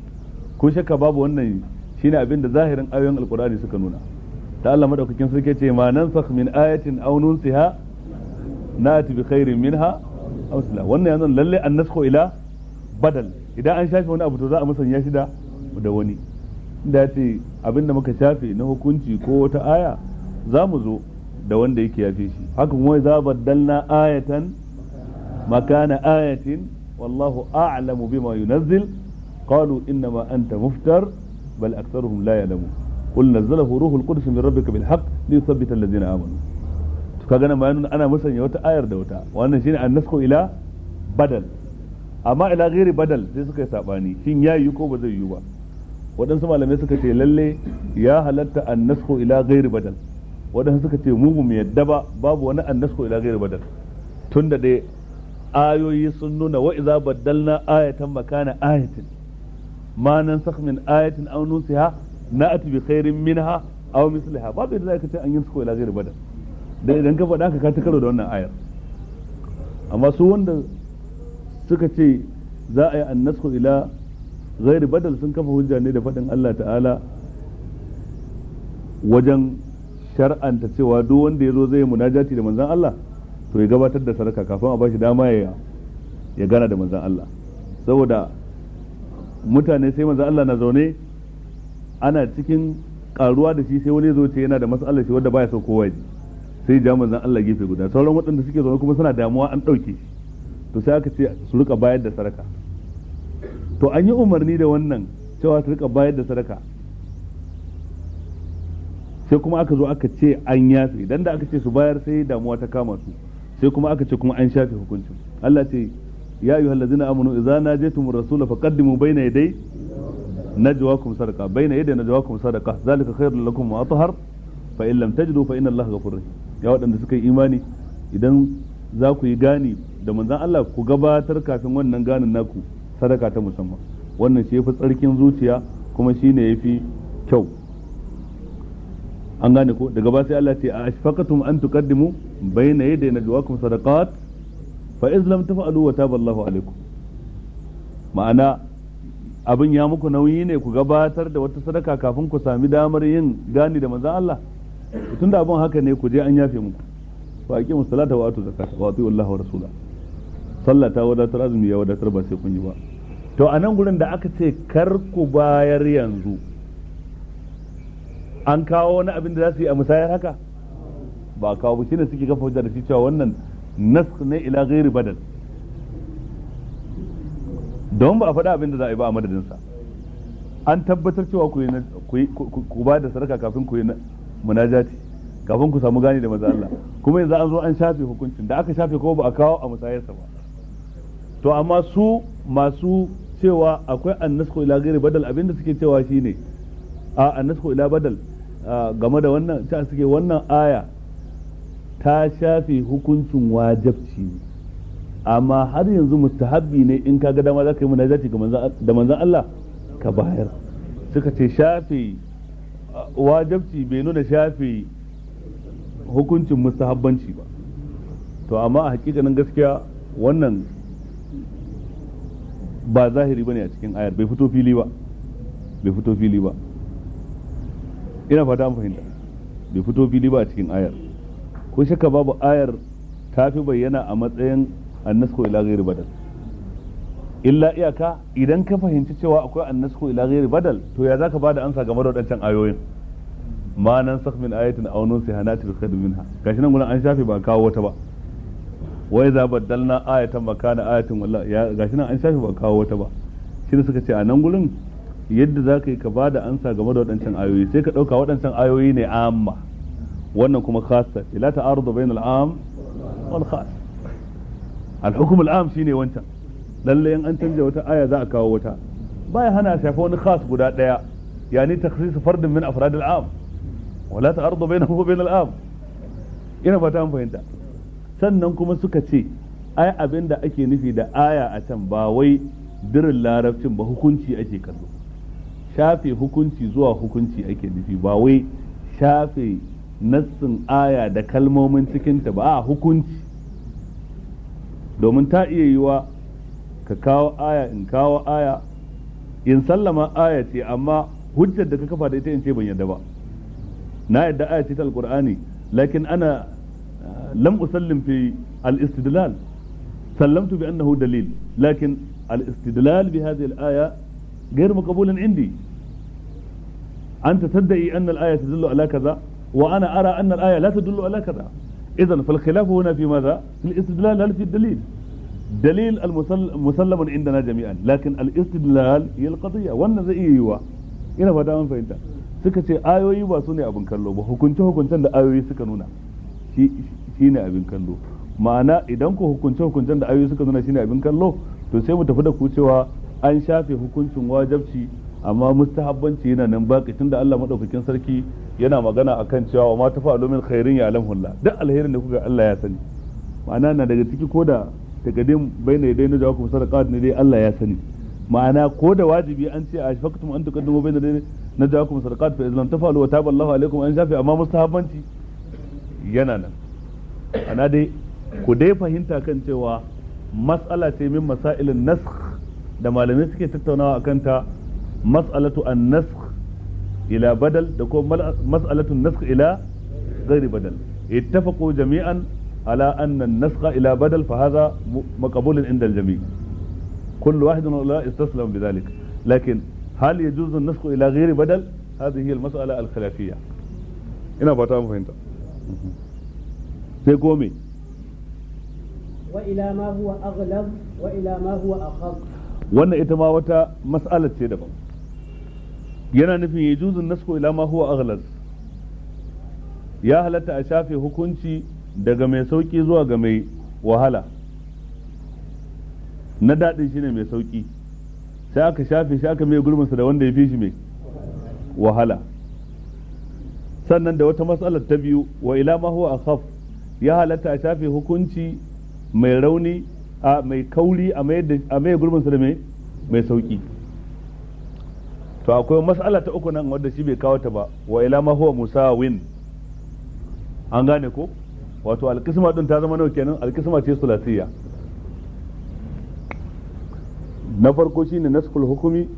ko shakka babu wannan shine abin da zahirin ayoyin alkur'ani suka nuna ta Allah madaukakin sarki ce ma nansakh min ayatin aw nunsiha nati bi khairin minha ausla wannan yana lalle an nasko ila badal idan an shafe wani abu to za a musanya shi da da wani da ce abinda muka shafe na hukunci ko wata aya za mu zo da wanda yake yafe shi haka kuma za baddalna ayatan makana ayatin wallahu a'lamu bima yunazzil قالوا إنما أنت مفتر بل أكثرهم لا يعلمون قل نزله روح القدس من ربك بالحق ليثبت الذين آمنوا ka nan ma ana musanya wata ayar da wata wannan shine annasku ila badal amma ila ghairi badal sai suka yi sabani shin ya yi ko ba zai yi ba waɗansu malamai suka ce lalle ya halatta annasku ila ghairi badal waɗansu suka ce mu mu yadda ba babu wani annasku ila ghairi badal tunda dai ayoyi sun nuna wa idza baddalna ayatan makana ayatin ma nan sakh min ayatin aw nusiha na'ati bi khairin minha aw misliha babu da zai kace an yi ila ghairi badal da idan ka faɗa ka ka karo da wannan ayar amma su wanda suka ce za a yi annasku ila ghairi badal sun kafa hujja ne da faɗin Allah ta'ala wajen shar'anta cewa duk wanda ya zo zai munajati da manzan Allah to ya gabatar da sadaka kafin a bashi dama ya gana da manzan Allah saboda mutane sai manzan Allah na zaune ana cikin karuwa da shi sai wani zo ce yana da allah shi wanda baya so kowa ji sai ja manzon Allah gefe guda sauran waɗanda suke zaune kuma suna damuwa an ɗauke to sai aka ce su rika bayar da sadaka to an yi umarni da wannan cewa su rika bayar da sadaka sai kuma aka zo aka ce an yafe idan da aka ce su bayar sai damuwa ta kama su sai kuma aka ce kuma an shafe hukuncin Allah ce ya yi amunu ladzina na je tumur rasula na bayna yaday najwakum bai bayna yadai najwakum sadaqa zalika khairul lakum wa athhar fa in lam tajidu fa inna allaha ghafurur rahim ya waɗanda suka yi imani idan za ku yi gani da manzan Allah ku gabatar kafin wannan ganin naku sadaka ta musamman wannan shi ya fi tsarkin zuciya kuma shi ne ya fi kyau an gane ko daga ba sai Allah ce a ashfaqatum an tuqaddimu bayna yaday najwaakum sadaqat fa iz lam taf'alu wa taba Allahu alaikum ma'ana abin ya muku nauyi ne ku gabatar da wata sadaka kafin ku sami damar yin gani da manzan Allah tun da abin haka ne ku je an yafe muku fa aqimu salata wa atu zakata wa atiu Allah wa rasula sallah ta wadatar azumi ya wadatar ba sai kun yi ba to a nan gurin da aka ce kar ku bayar yanzu an kawo wani abin da za su yi a musayar haka ba kawo ba shine suke kafa hujja da shi cewa wannan nask ne ila ghairi badal don ba a faɗa abin da za a yi ba a madadinsa an tabbatar cewa ku ba da sadaka kafin ku yi munajati kafin ku samu gani da maza Allah kuma yanzu an zo an shafe hukuncin da aka shafe kuma ba a kawo a musayarsa ba to amma su masu cewa akwai annasku ila gairi badal abinda suke cewa shine a annasku ila badal game da wannan ta suke wannan aya ta shafe hukuncin wajabci ne amma har yanzu mustahabbi ne in ka ga dama za ka yi munajati da manzan Allah ka bayar suka ce shafe wajabci bai nuna shafe hukuncin mustahabbanci ba to amma a hakikanin gaskiya wannan ba zahiri bane a cikin ayar bai fito fili ba bai fito fili ba ina fata an fahimta bai fito fili ba a cikin ayar ko shakka babu ayar ta fi bayyana a matsayin annasko ila ghairi badal illa iyaka idan ka fahimci cewa akwai annasku ila ghairi badal to ya zaka bada ansa game da wadancan ayoyin ma nan sakh min ayatin aw minha nan gurin an shafe ba kawo wata ba wai za baddalna ayatan makana ayatin wallahi ya gashi nan an shafe ba kawo wata ba shi suka ce a nan gurin yadda zaka yi ka bada ansa game da wadancan ayoyi sai ka dauka wadancan ayoyi ne amma wannan kuma khassa ila ta'arudu bainal am wal khass al-hukm al-am shine wancan lalle an canja wata aya za a kawo wata baya hana shafa wani khas guda daya yani takhsis fardin min afrad al wala ta'ardu bainahu wa bain al ina fata an fahimta sannan kuma suka ce ai abin da ake nufi da aya a can ba wai dirin larabcin ba hukunci ake kallo shafe hukunci zuwa hukunci ake nufi ba wai shafe nassin aya da kalmomin cikinta ba a hukunci domin ta iya yiwa ka kawo aya in kawo aya in sallama aya ce amma hujjar da ka kafa da ita in ce ban yadda ba na yadda aya ce ta alqur'ani lakin ana lam usallim fi al-istidlal sallamtu bi annahu dalil lakin al-istidlal bi hadhihi al-aya غير مقبول عندي أنت تدعي أن الآية تدل على كذا وأنا أرى أن الآية لا تدل على كذا إذا فالخلاف هنا في ماذا؟ في الاستدلال هل في الدليل؟ dalil inda na jami'an lakin al-istidlal hiya al-qadiyya wannan zai iya yiwa ina fata mun fahimta suka ce ayoyi ba su ne abin kallo ba hukunce hukuncen da ayoyi suka nuna shi ne abin kallo ma'ana idan ko hukunce hukuncen da ayoyi suka nuna shi ne abin kallo to sai mu tafi da ku cewa an shafe hukuncin wajabci amma mustahabbanci yana nan baki tunda Allah madaukakin sarki yana magana akan cewa ma tafa'alu min khairin ya lam hulla duk alherin da kuka Allah ya sani ma'ana na daga ciki ko da takadim bayna yadayni da kuma sadaqat ne dai Allah ya sani ma'ana ko da wajibi an ce a faktum an tuqaddimu bayna yadayni na jawabu kuma sadaqat fa idan tafalu wa taba Allahu alaikum an shafi amma mustahabbanci yana nan ana dai ku dai fahimta kan cewa mas'ala ce min masailin nasakh da malamai suke tattaunawa akan ta mas'alatu an-nasakh ila badal da kuma mas'alatu an-nasakh ila ghairi badal ittafaqu jami'an على أن النسخ إلى بدل فهذا مقبول عند الجميع كل واحد من الله استسلم بذلك لكن هل يجوز النسخ إلى غير بدل هذه هي المسألة الخلافية هنا بطام فهمت سيكو مي وإلى ما هو أغلب وإلى ما هو أخف وأن إتماوتا مسألة سيدكم ينا نفي يجوز النسخ إلى ما هو أغلب يا هلتا أشافي هكونشي daga mai sauki zuwa ga mai wahala na daɗin shine mai sauki sai aka shafe shi aka mai gurbinsa da wanda ya fi shi mai wahala sannan da wata matsalar ta biyu wa ila ma huwa akhaf ya halatta a shafe hukunci mai rauni a mai kauri a mai gurbinsa da mai mai sauki to akwai matsala ta uku nan wadda shi bai kawo ta ba wa ila ma huwa musawin an gane ko wato alkisma din ta zama nawa kenan alkisma ce sulasiyya na farko shi shine nasful hukumi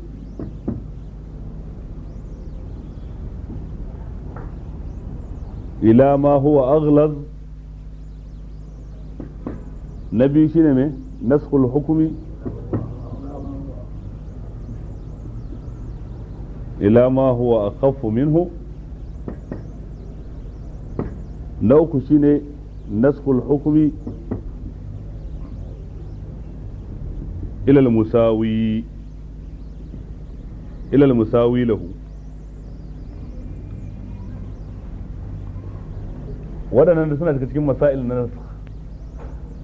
ila ma huwa aghlaz na biyu shi shine me nasful hukumi ila ma huwa akhaffu minhu na uku ne. naskul hukumi ilal musawi ilal musawi lahu waɗannan da suna cika cikin masail na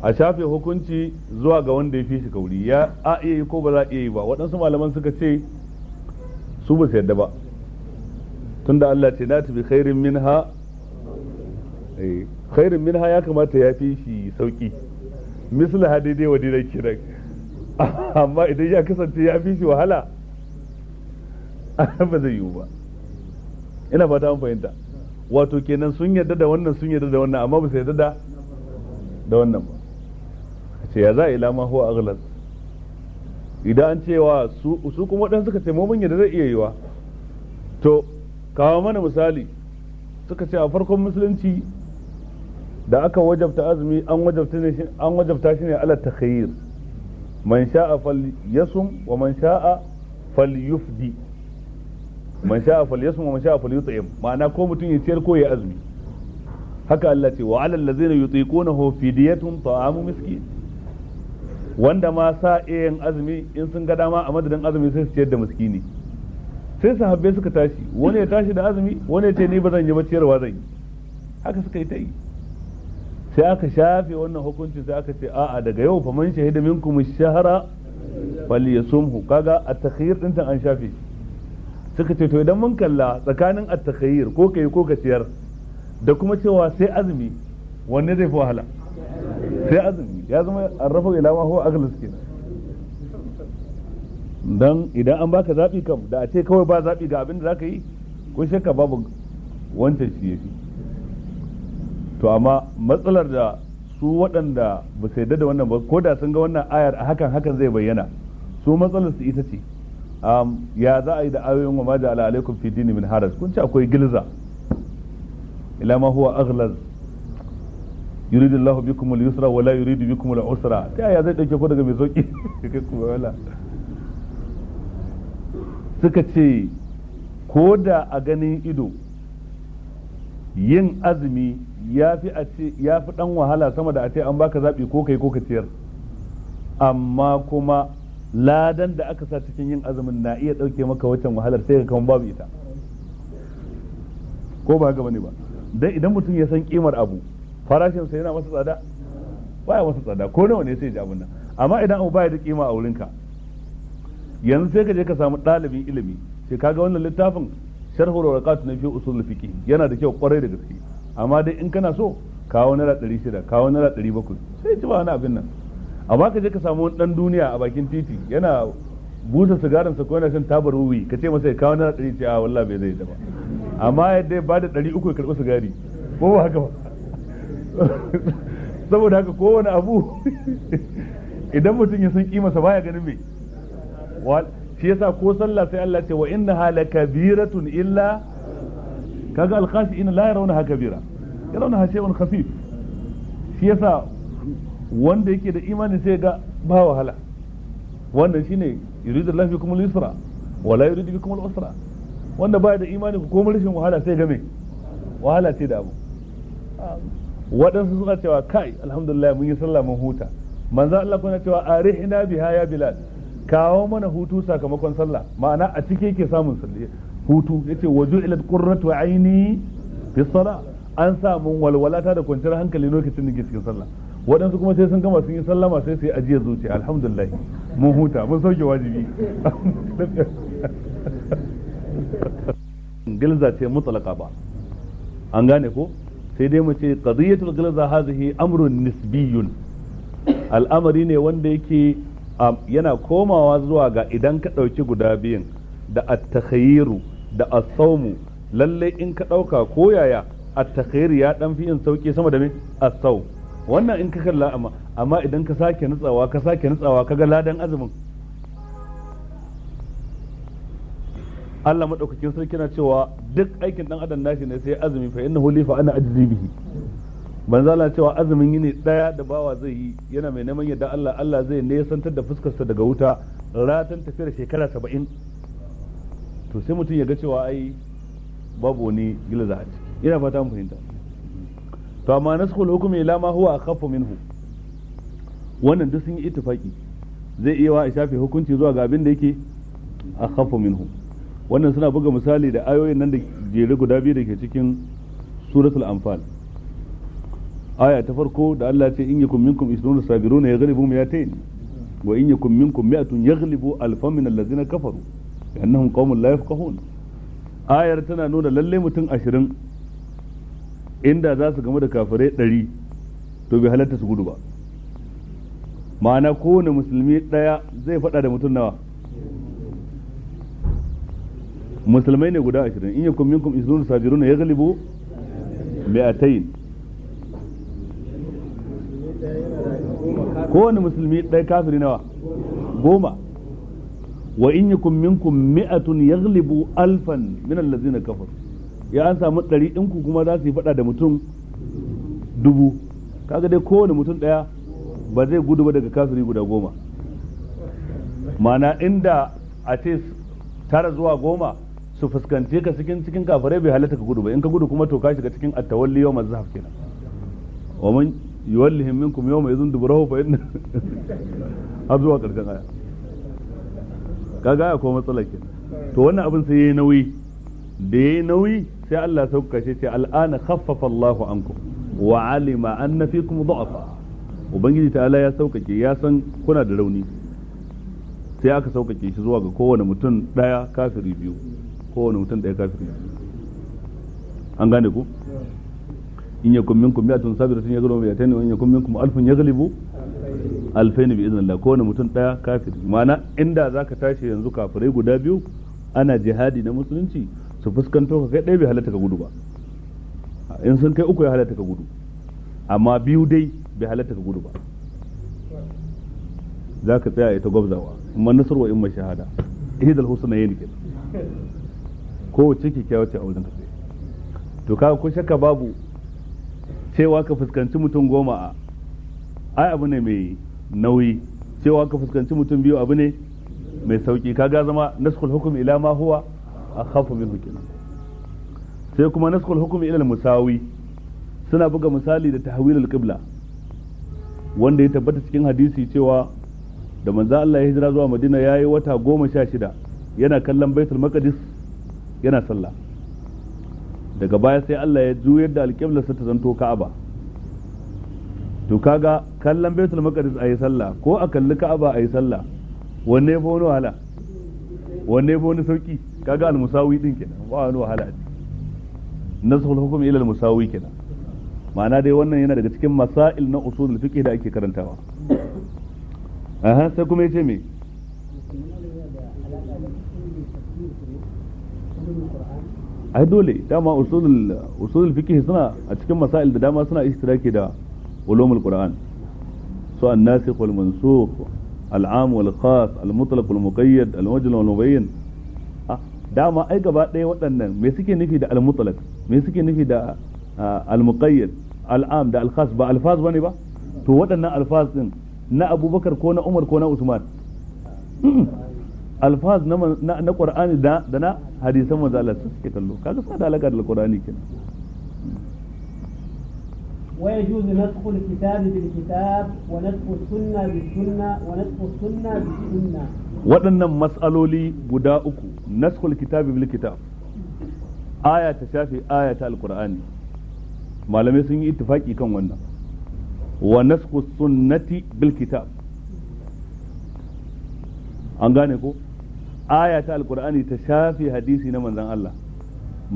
a shafe hukunci zuwa ga wanda ya fi shi kauri ya a iya yi ko ba za a iya yi ba waɗansu malaman suka ce su ba su yadda ba tunda Allah ce na tafi khairin ha. Eh, khairun minha ya kamata ya fi shi sauki misla daidai wa daidai kiran [LAUGHS] amma idan ya kasance ya fi shi wahala [LAUGHS] ba zai yiwu ba ina fata an fahimta wato kenan sun yarda da wannan sun yarda da wannan amma ba su yarda da da wannan ba ce ya za a ila lama huwa aghlas idan an cewa su kuma waɗansu suka ce mun yarda zai iya yiwa to kawo mana misali suka ce a farkon musulunci da aka wajabta azumi an wajabta ne an wajabta shi ne ala takhayyir man sha'a falyasum wa man sha'a falyufdi man sha'a falyasum wa man sha'a falyut'im ma'ana ko mutum ya ciyar ko ya azumi haka Allah ce wa alal ladzina yutiqunahu fidyatun ta'amu miskin wanda ma sa yin azumi in sun ga dama a madadin azumi sai su ciyar da miskini sai sahabbai suka tashi wani ya tashi da azumi wani ya ce ni ba zan yi ba ciyarwa zan yi haka suka yi ta yi sai aka shafe wannan hukuncin sai aka ce a'a daga yau fa man shahida minkum shahara falyasumhu kaga at-takhayyir din an shafe suka ce to idan mun kalla tsakanin at-takhayyir ko kai ko ka ciyar da kuma cewa sai azumi wanne zai fi wahala sai azumi ya zama arrafa ila ma huwa aghlas kenan dan idan an baka zabi kam da a ce kawai ba zabi ga abin da zaka yi ko shakka babu wancan shi yafi to amma matsalar da su waɗanda ba su yarda da wannan ba ko da sun ga wannan ayar a hakan hakan zai bayyana su matsalar su ita ce ya za a yi da ayoyin wa maja ala alaikum fi dini min haras kun ce akwai gilza ila ma huwa aghlaz yuridu Allah bikum al-yusra wa la yuridu bikum al-usra ta ya zai dauke ko daga mai sauki [LAUGHS] kai kuma wala suka ce ko da a ganin ido yin azumi ya fi ɗan wahala sama da a ce an baka zaɓi ko kai ko ka ciyar amma kuma ladan da aka sa cikin yin azumin na iya ɗauke maka wancan wahalar sai ka kama babu ita ko ba haka bane ba dan idan mutum ya san kimar abu farashin sa yana masa tsada baya masa tsada ko nawa ne sai ya ji abun nan amma idan abu baya da kima a wurinka yanzu sai ka je ka samu ɗalibin ilimi sai kaga wannan littafin sharhul warqat na fi usul fiqh yana da kyau kwarai da gaske amma dai in kana so kawo naira 600 kawo naira 700 sai ci ba wani abin nan amma ka je ka samu wani dan duniya a bakin titi yana busa sigarin sa ko yana shan tabar wuwi ka ce masa ya kawo naira ɗari ce a wallahi bai zai ba amma yadda ya bada 300 ya karbi sigari ko ba haka ba [LAUGHS] saboda haka kowane abu [LAUGHS] idan mutum ya san kimarsa baya ganin me shi yasa ko sallah sai Allah ce wa inna hala illa kaga alkhashi'in la yarawna ha kabira yarawna ha shay'un khafif shi yasa wanda yake da imani sai ga ba wahala wannan shine yuridu lafi kuma yusra wala yuridu bikum al-usra wanda ba da imani ko kuma rashin wahala sai ga me wahala sai da mu waɗansu suna cewa kai alhamdulillah mun yi sallah mun huta manzo Allah kuma cewa arihna biha ya bilal kawo mana hutu sakamakon sallah ma'ana a cike yake samun hutu yace ila qurratu aini fi salah an samu walwalata da kwanciyar hankali lokacin da ke cikin sallah waɗansu kuma sai sun gama sun yi sallama sai su yi ajiya zuciya alhamdulillah mun huta mun sauke wajibi [LAUGHS] gilza ce mutalaka ba an gane ko sai dai mu ce qadiyatul gilza hadhihi amrun nisbiyun al'amari ne wanda yake yana komawa zuwa ga idan ka ɗauki guda biyun da attakhayiru da asaumu lalle in ka ɗauka ko yaya attakhayiru ya ɗan fi yin sauki sama da me asau wannan in ka kalla amma amma idan ka sake nutsawa ka sake nutsawa ka ga ladan azumin Allah madaukakin sarki na cewa duk aikin dan adam nashi ne sai azumi fa innahu lifa fa ana ajzi bihi manzala cewa azumin yini daya da bawa zai yi yana mai neman yadda Allah Allah zai nesantar da fuskarsa daga wuta ratan tafiyar shekara saba'in to sai mutum ya ga cewa ai babu wani gilza a ciki ina fata fahimta to amma naskul hukumi la ma huwa akhaffu minhu wannan duk sun yi ittifaki zai iya wa shafe hukunci zuwa ga abin da yake akhaffu minhu wannan suna buga misali da ayoyin nan da jere guda biyu da ke cikin suratul anfal aya ta farko da Allah ya ce in yakum minkum isrun sabiruna yaghlibu mi'atayn wa in yakum minkum mi'atun yaghlibu alfa min allazina kafaru annahum qaumun la yafqahun ayar tana nuna lalle mutum ashirin inda za su gamu da kafare ɗari to bai halatta su gudu ba ma'ana kowane musulmi ɗaya zai faɗa da mutum nawa musulmai ne guda ashirin in yakum minkum isrun sabiruna yaghlibu mi'atayn kowane musulmi ɗaya kafiri nawa goma wa in yakum minkum mi'atun yaghlibu alfan min allazina kafaru ya an samu ɗari in ku kuma za su yi faɗa da mutum dubu kaga dai kowane mutum ɗaya ba zai gudu ba daga kafiri guda goma mana inda a ce tara zuwa goma su fuskanci ka cikin cikin kafirai bai halatta ka gudu ba in ka gudu kuma to ka shiga cikin attawalli yau mazhab kenan wa yuwallihim minkum yawma idhin duburahu fa inna har zuwa karshen aya kaga aya ko matsala ke to wannan abin sai yayi nauyi da yayi nauyi sai Allah sauka shi ce al'ana khaffafa Allahu ankum wa alima anna fikum dha'fa ubangiji ta'ala ya saukake ya san kuna da rauni sai aka saukake shi zuwa ga kowane mutum daya kafiri biyu kowane mutum daya kafiri biyu an gane ku in yakun minkum mi'atun sabiratun yaghlibu mi'atayn wa in yakun minkum alfun yaghlibu alfayn bi idnillah wani mutum daya kafir ma'ana inda zaka tashi yanzu kafirai guda biyu ana jihadi na musulunci su fuskanto ka kai ɗaya bai halatta ka gudu ba in sun kai uku ya halatta ka gudu amma biyu dai bai halatta ka gudu ba za ka tsaya ita gwabzawa amma nasar wa imma shahada idal husna yayin kin wace kikkiawa ce a wajen tafiya to kaga ko shakka babu cewa ka fuskanci mutum goma a ai abu ne mai nauyi cewa ka fuskanci mutum biyu abu ne mai sauki kaga zama naskul hukum ila ma huwa akhafu min hukum sai kuma naskul hukum ila musawi suna buga misali da tahwilul qibla wanda ya tabbata cikin hadisi cewa da manzo Allah ya hijira zuwa Madina yayi wata goma sha shida yana kallon Baitul Maqdis yana sallah daga baya sai Allah ya juyar da alƙiblar sa ta zanto Ka'aba to kaga kallon Baitul Maqdis ayi sallah ko a kalli Ka'aba ayi sallah wanne fa wani wahala wanne fa wani sauki kaga al-musawi din kenan ba wani wahala nasul hukm ila al-musawi kenan ma'ana dai wannan yana daga cikin masail na usul fiqh da ake karantawa aha sai kuma yace me ai dole dama usulul usulul fiqh suna a cikin masail da dama suna ishtiraki da ulumul qur'an so an-nasikh wal mansukh al-am wal khas al-mutlaq wal muqayyad al wajl wal mubayyin ah, dama ai gaba ɗaya waɗannan me suke nufi da al-mutlaq me suke nufi da al-muqayyad al-am da al-khas ba alfaz bane ba to waɗannan alfaz din na Abubakar ko na Umar ko na Usman [CLEARS THROAT] alfaz na na qur'ani da da na hadisan manzo Allah su suke kallo kaga suna da alaka da alqur'ani kenan wa نسخ الكتاب بالكتاب ونسخ السنة بالسنة ونسخ السنة بالسنة waɗannan matsaloli guda uku naskul kitabi bil kitab aya ta shafe aya ta alqur'ani malamai sun yi ittifaki kan wannan wa nasku sunnati bil kitab an gane ko aya ta alkur'ani ta shafi hadisi na manzan Allah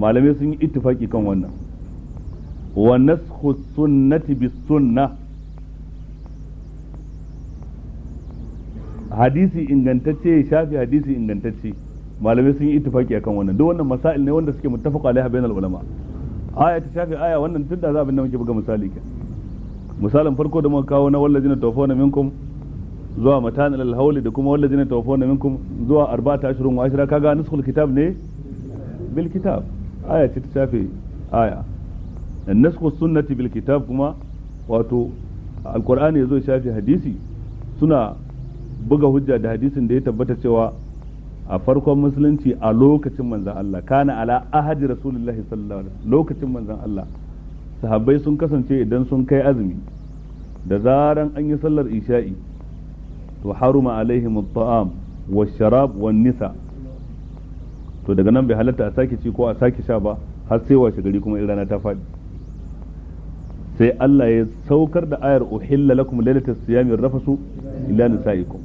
malamai sun yi ittifaki kan wannan wa naskhu sunnati bis sunna hadisi ingantacce ya shafi hadisi ingantacce malamai sun yi ittifaki akan wannan duk wannan masail ne wanda suke muttafaqa alaiha bainal ulama aya ta shafi aya wannan tunda za abin da muke buga misali ke misalin farko da muka kawo na wallazina tawfawna minkum zuwa matanan alhawli da kuma wallazi na da minkum zuwa arba'ata ashirin wa ashirin kaga nuskul kitab ne bil kitab aya ce ta shafe aya nasku sunnati bil kitab kuma wato alqur'ani yazo ya shafe hadisi suna buga hujja da hadisin da ya tabbata cewa a farkon musulunci a lokacin manzan Allah kana ala ahadi rasulullahi sallallahu alaihi wasallam lokacin manzan Allah sahabbai sun kasance idan sun kai azumi da zaran an yi sallar isha'i ta'am wa sharab wa nisa to daga nan bai halatta a sake ci ko a sake sha ba har sai washe gari kuma in rana ta faɗi sai Allah ya saukar da ayar uhilla lakum lailatas siyami rafasu ila nisaikum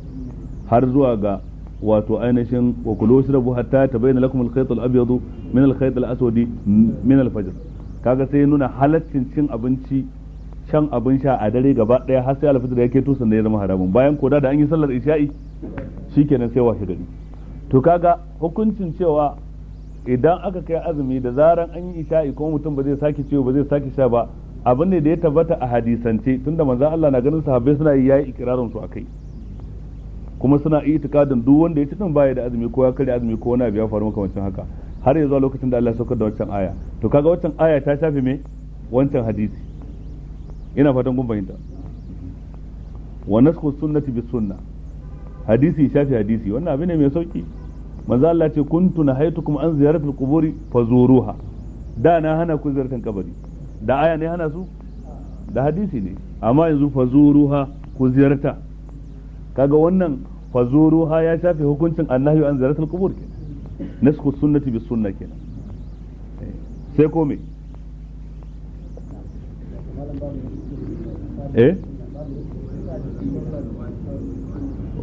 har zuwa ga wato ainihin wa kulu shrabu hatta tabayyana lakum al-khayt al-abyad min al-khayt al-aswad min al-fajr kaga sai nuna halaccin cin abinci shan abin sha a dare gaba daya har sai alfitar ya keto sannan ya zama haramun bayan koda da an yi sallar isha'i shikenan sai washe gari to kaga hukuncin cewa idan aka kai azumi da zaran an yi isha'i kuma mutum ba zai sake ciwo ba zai sake sha ba abin ne da ya tabbata a hadisance tunda manzo Allah na ganin sahabbai suna yi yayi ikrarin su akai kuma suna itikadin duk wanda ya ci din baya da azumi ko ya karya azumi ko wani abu ya faru makamancin haka har ya zuwa lokacin da Allah ya saukar da wancan aya to kaga wancan aya ta shafe me wancan hadisi ina fatan kun fahimta wa nasku sunnati bis sunna hadisi shafi hadisi wannan abin ne mai sauki manzo Allah ce kuntu nahaytukum an al quburi fazuruha da na hana ku ziyartar kabari da aya ne hana su da hadisi ne amma yanzu fazuruha ku ziyarta kaga wannan fazuruha ya shafi hukuncin annahi an ziyaratil qubur kenan nasku sunnati bis sunna kenan eh, sai ko me eh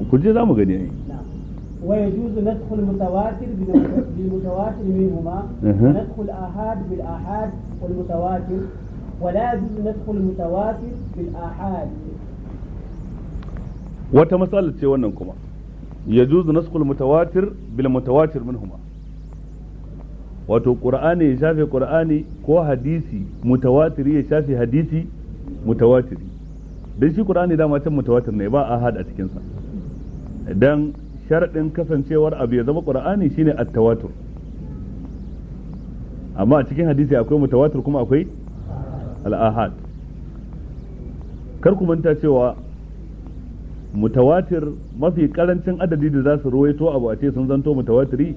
kun ji za mu gani ويجوز ندخل متواتر بالمتواتر منهما ندخل آحاد بالآحاد والمتواتر ولا يجوز ندخل متواتر بالآحاد وتمثال تيوانا كما يجوز ندخل متواتر بالمتواتر منهما wato qur'ani ya shafe qur'ani ko hadisi mutawatir ya shafe hadisi mutawatir dan shi qur'ani dama can mutawatir ne ba ahad a cikin sa dan sharadin kasancewar abu ya zama qur'ani shine at-tawatur amma a cikin hadisi akwai mutawatir kuma akwai al-ahad kar ku manta cewa mutawatir mafi karancin adadi da za su ruwaito abu a ce sun zanto mutawatiri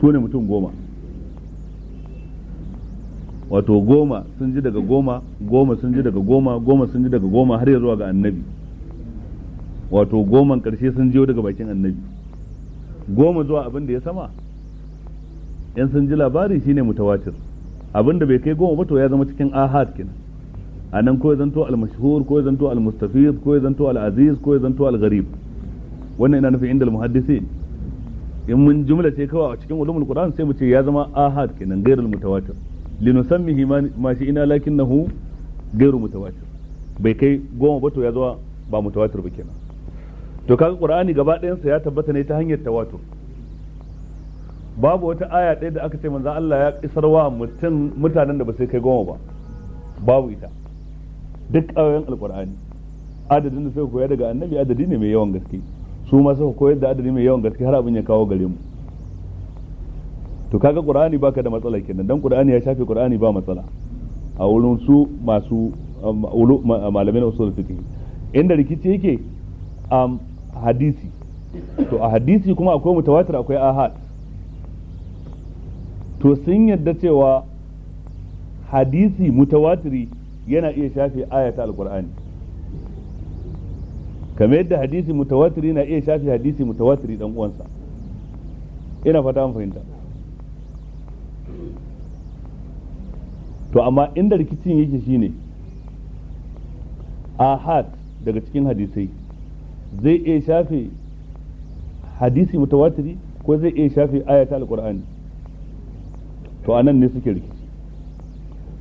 su ne mutum goma wato goma sun ji daga goma goma sun ji daga goma goma sun ji daga goma har ya zuwa ga annabi wato goman karshe sun jiyo daga bakin annabi goma zuwa abin da ya sama yan sun ji labari shine mutawatir abin da bai kai goma ba to ya zama cikin ahad kenan a nan ko ya zanto al-mashhur ko ya zanto al-mustafiz ko ya zanto al-aziz ko zanto al-gharib wannan ina nufin inda al-muhaddisin in mun jumla ce kawai a cikin ulumul qur'an sai mu ce ya zama ahad kenan gairul mutawatir linusammihi ma shi ina lakinnahu gairul mutawatir bai kai goma ba to ya zuwa ba mutawatir ba kenan to kaga qur'ani gaba ɗayan sa ya tabbata ne ta hanyar tawatur babu wata aya ɗaya da aka ce manzo Allah ya isarwa mutum mutanen da ba sai kai goma ba babu ita duk ayoyin alqur'ani adadin da sai koya daga annabi adadi ne mai yawan gaske su ma suka koyar da adadi mai yawan gaske har abin ya kawo gare mu to kaga qur'ani baka da matsala kenan dan qur'ani ya shafe qur'ani ba matsala a wurin su masu um, malamin usul fiqh inda rikici yake am um, hadisi to a hadisi kuma akwai mutawatir akwai ahad to sun yadda cewa hadisi mutawatiri yana iya shafe ayata alqur'ani kamar yadda hadisi mutawatiri na iya shafi hadisi mutawatiri dan uwansa ina fata an fahimta to amma inda rikicin yake shine ahad daga cikin hadisai zai iya shafe hadisi mutawatiri ko zai iya shafe ayata alqur'ani to anan ne suke rikici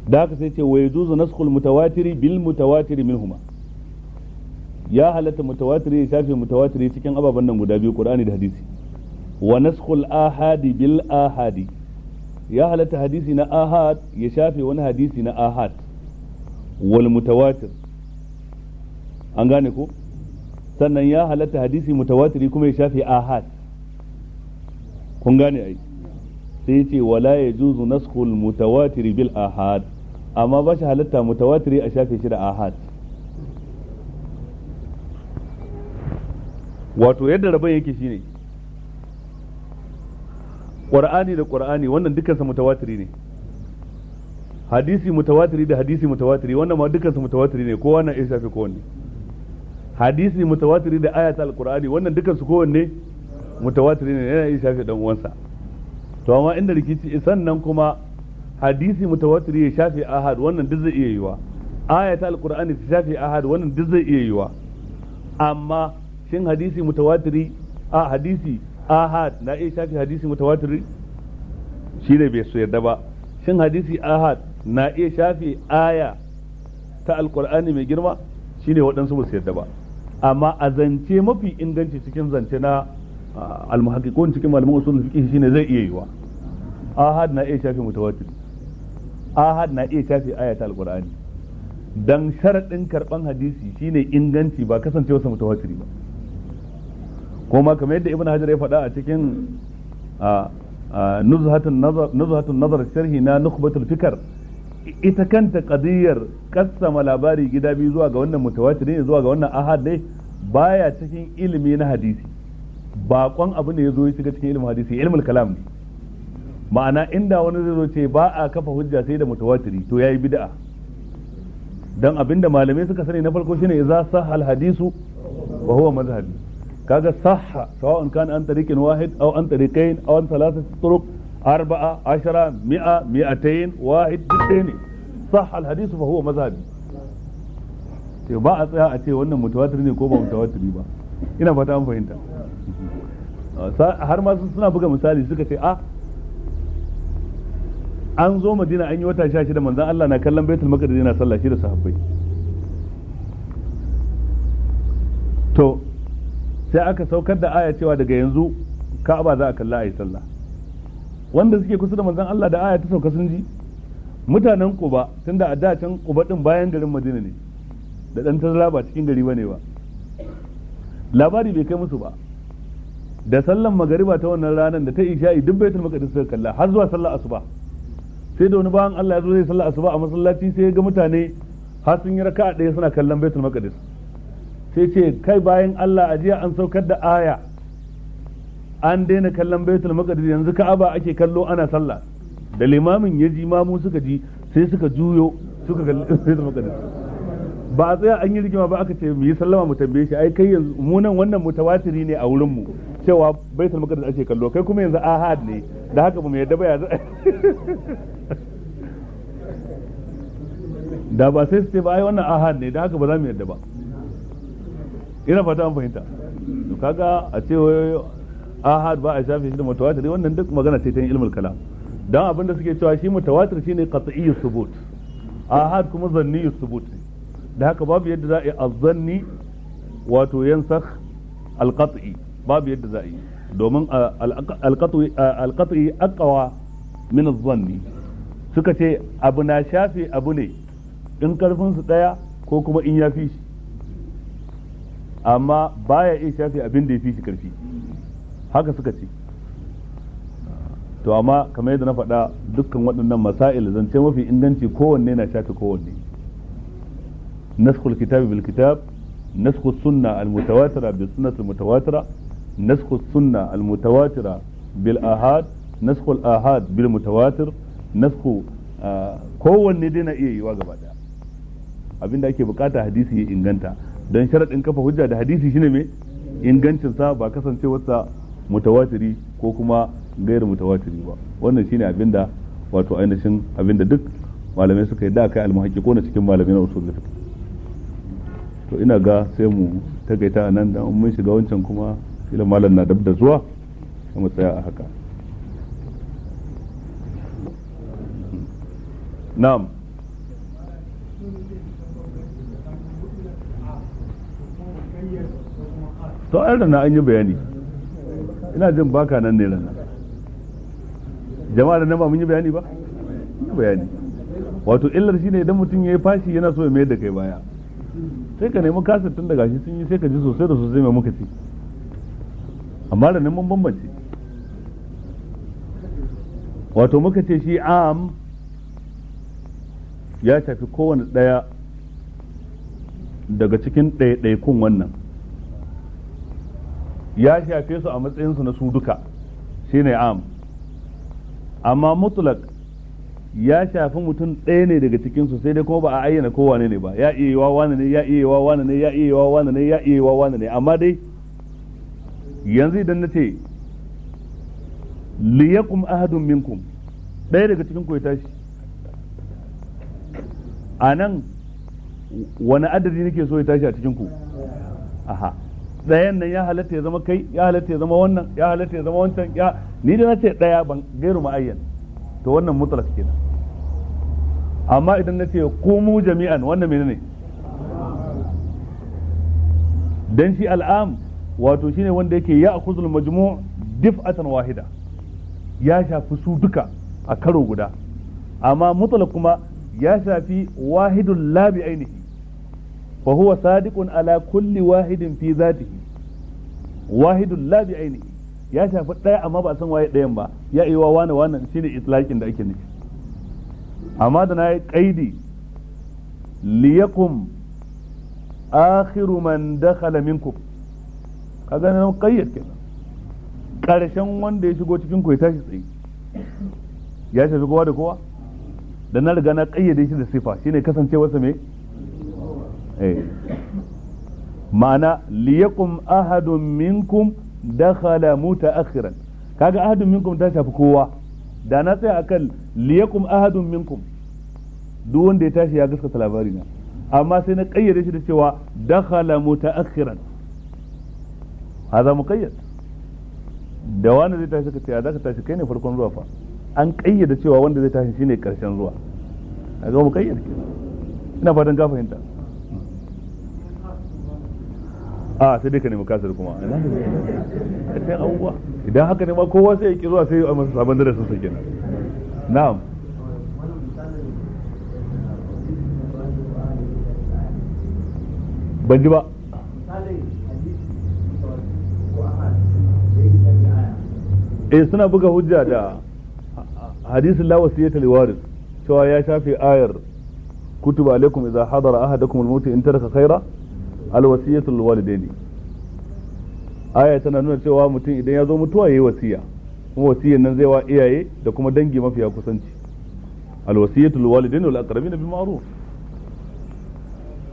da haka sai ce wa yajuzu naskhul mutawatiri bil mutawatiri minhuma ya halatta mutawatir ya shafe mutawatir cikin ababen nan guda biyu qur'ani da hadisi wa naskhul ahadi bil ahadi ya halatta hadisi na ahad ya shafe wani hadisi na ahad wal mutawatir an gane ko sannan ya halatta hadisi mutawatiri kuma ya shafe ahad kun gane ai sai ce wala ya juzu naskul mutawatiri bil ahad amma ba shi halatta mutawatiri a shafe shi da ahad wato yadda rabon yake shine qur'ani da qur'ani wannan dukkan mutawatiri ne hadisi mutawatiri da hadisi mutawatiri wannan ma dukkan mutawatiri ne kowa na iya shafe kowanne hadisi mutawatiri da ayatul alqur'ani wannan dukkan kowanne mutawatiri ne yana iya shafe dan uwansa to amma inda rikici sannan kuma hadisi mutawatiri ya shafe ahad wannan duk zai iya yiwa ayatul alqur'ani ta shafe ahad wannan duk zai iya yiwa amma shin hadisi mutawatiri a hadisi ahad na iya shafi hadisi mutawatiri shi ne bai so yarda ba shin hadisi ahad na iya shafi aya ta alkur'ani mai girma shi ne waɗansu ba su yarda ba amma a zance mafi inganci cikin zance na almuhaqiqun cikin malamin usul fiqh ne zai iya yiwa ahad na iya shafi mutawatiri ahad na iya shafi aya ta alkur'ani dan sharaɗin karɓan hadisi shine inganci ba kasancewarsa mutawatiri ba kuma kamar yadda ibn hajar ya faɗa a cikin nuzhatun nazar sharhi na nukhbatul fikar ita kanta kadiyar kassama labari gida biyu zuwa ga wannan mutawatir zuwa ga wannan ahad baya cikin ilimi na hadisi bakon abu ne ya zo ya shiga cikin ilimin hadisi ilimin kalam ne ma'ana inda wani zai zo ce ba a kafa hujja sai da mutawatiri to ya yi bid'a dan abinda malamai suka sani na farko shine idza sahal hadisu wa huwa mazhabi kaga sahha sawa'un kana an tariqin wahid aw an tariqain aw an thalathati turuq arba'a ashara mi'a mi'atayn wahid dukkan ne sahha alhadith fa huwa mazhabi to ba a tsaya a ce wannan mutawatir ne ko ba mutawatir ba ina fata an fahimta har ma suna buga misali suka ce a an zo madina an yi wata sha shida manzan Allah na kallon baitul maqdis yana sallah shi da sahabbai to sai aka saukar da aya cewa daga yanzu ka'aba za a kalla ayi sallah wanda suke kusa da manzon Allah da aya ta sauka sun ji mutanen tun tunda a da can Quba ɗin bayan garin Madina ne da dan tazara ba cikin gari bane ba labari bai kai musu ba da sallan magariba ta wannan ranar da ta isha'i duk baitul maqdis suka kalla har zuwa sallar asuba sai da wani bayan Allah ya zo zai sallar asuba a masallaci sai ya ga mutane har sun yi raka'a ɗaya suna kallon baitul maqdis sai ce kai bayan Allah a jiya an saukar da aya an daina kallon baitul maqdis yanzu ka'aba ake kallo ana sallah da limamin ya ji mamu suka ji sai suka juyo suka kalli [LAUGHS] baitul maqdis ba a tsaya an yi rigima ba aka ce mu yi sallama mu tambaye shi ai kai yanzu mu nan wannan mutawatiri ne a wurin mu cewa baitul maqdis ake kallo kai kuma yanzu ahad ne da haka ba mu yadda ba yanzu [LAUGHS] da ba sai su ce ba ai wannan ahad ne da haka ba za mu yadda ba ina fata an fahimta to kaga a ce ahad ba a shafe shi da mutawatir wannan duk magana ce ta ilmul kalam dan da suke cewa shi mutawatir shine qat'iyyu subut ahad kuma zanniyyu subut da haka babu yadda za a yi azzanni wato yansakh alqat'i babu yadda za a yi domin alqat'i alqat'i aqwa min azzanni suka ce abu na shafe abu ne in karfin su daya ko kuma in yafi shi amma baya iya shafe abin da ya fi shi karfi haka suka ce to amma kamar yadda na faɗa dukkan waɗannan masail zance mafi inganci kowanne na shafe kowanne naskul kitab bil kitab naskul sunna al mutawatira bil Sunna al mutawatira naskul sunna al mutawatira bil ahad naskul ahad bil mutawatir nasku ah, kowanne dai na iya yiwa gaba daya abinda ake bukata hadisi ya inganta don sharaɗin kafa hujja da hadisi shine mai ingancin sa ba kasancewarsa mutawatiri ko kuma gairu mutawatiri ba wannan shine abinda wato ainihin abinda duk malamai suka yi da kai ko na cikin malamai na usul fiqh to ina ga sai mu takaita nan da mun shiga wancan kuma kila malam na dab da zuwa sai mu tsaya a haka na'am to an rana an yi bayani ina jin baka nan ne rana jama'a da nan ba mun yi bayani ba yi bayani wato illar shine idan mutum ya yi fashi yana so ya mayar da kai baya sai ka nemi kasar tun daga shi sun yi sai ka ji sosai da sosai mai muka ci amma da mun bambance wato muka ce shi am ya shafi kowane ɗaya daga cikin ɗaiɗaikun wannan ya shafe su a matsayinsu na su duka ne am amma mutlak ya shafi mutum ɗaya ne daga cikinsu sai dai kuma ba a ayyana ko wane ne ba ya iya yiwa wane ne ya iya yiwa wane ne ya iya yiwa wane ne ya iya yiwa wane ne amma dai yanzu idan na ce liyakum ahadun minkum ɗaya daga cikin ku ya tashi a nan wani adadi nake so ya tashi a cikin ku aha ɗayan nan ya halatta ya zama kai ya halatta ya zama wannan ya halatta ya zama wancan ya ni da nace ɗaya ban gairu ma'ayyan to wannan mutlaq kenan amma idan nace mu jami'an wannan menene dan shi al'am wato shine wanda yake ya akuzul majmu' dif'atan wahida ya shafi su duka a karo guda amma mutlaq kuma ya shafi wahidul labi ainihi fa huwa sadiqun ala kulli wahidin fi zatihi wahidun la bi ainihi ya shafi ɗaya amma ba san waye ɗayan ba ya yi wa wani wannan shine itlaqin da ake nufi amma da na yi kaidi liyakum akhiru man dakhala minkum kaga nan qayyad kenan karshen wanda ya shigo cikin ku ya tashi tsaye ya shafi kowa da kowa da na riga na kayyade shi da sifa shine kasancewarsa mai Eh. ma'ana liyakum ahadun minkum dakhala mutaakhiran kaga ahadun minkum ta shafi kowa da na tsaya akan liyakum ahadun minkum duk wanda ya tashi ya gaskata labari na amma sai na kayyade shi da cewa dakhala mutaakhiran hada muqayyad da wanda zai tashi kace ya zaka tashi kai ne farkon zuwa fa an kayyade cewa wanda zai tashi shine karshen zuwa kaga muqayyad kenan ina fatan ka fahimta a sai dai ka nemi kasar kuma sai awwa idan haka ne ma kowa sai ya ki zuwa sai ya amsa sabon darasin sa kenan na'am ban ji ba eh suna buga hujja da hadisin la wasiyata waris cewa ya shafe ayar kutuba alaikum idza hadara ahadakum al-maut in taraka khaira alwasiyatul walidaini aya tana nuna cewa mutum idan ya zo mutuwa yayi wasiya kuma wasiyan nan zai wa iyaye da kuma dangi mafiya kusanci alwasiyatul walidaini wal aqrabin bil ma'ruf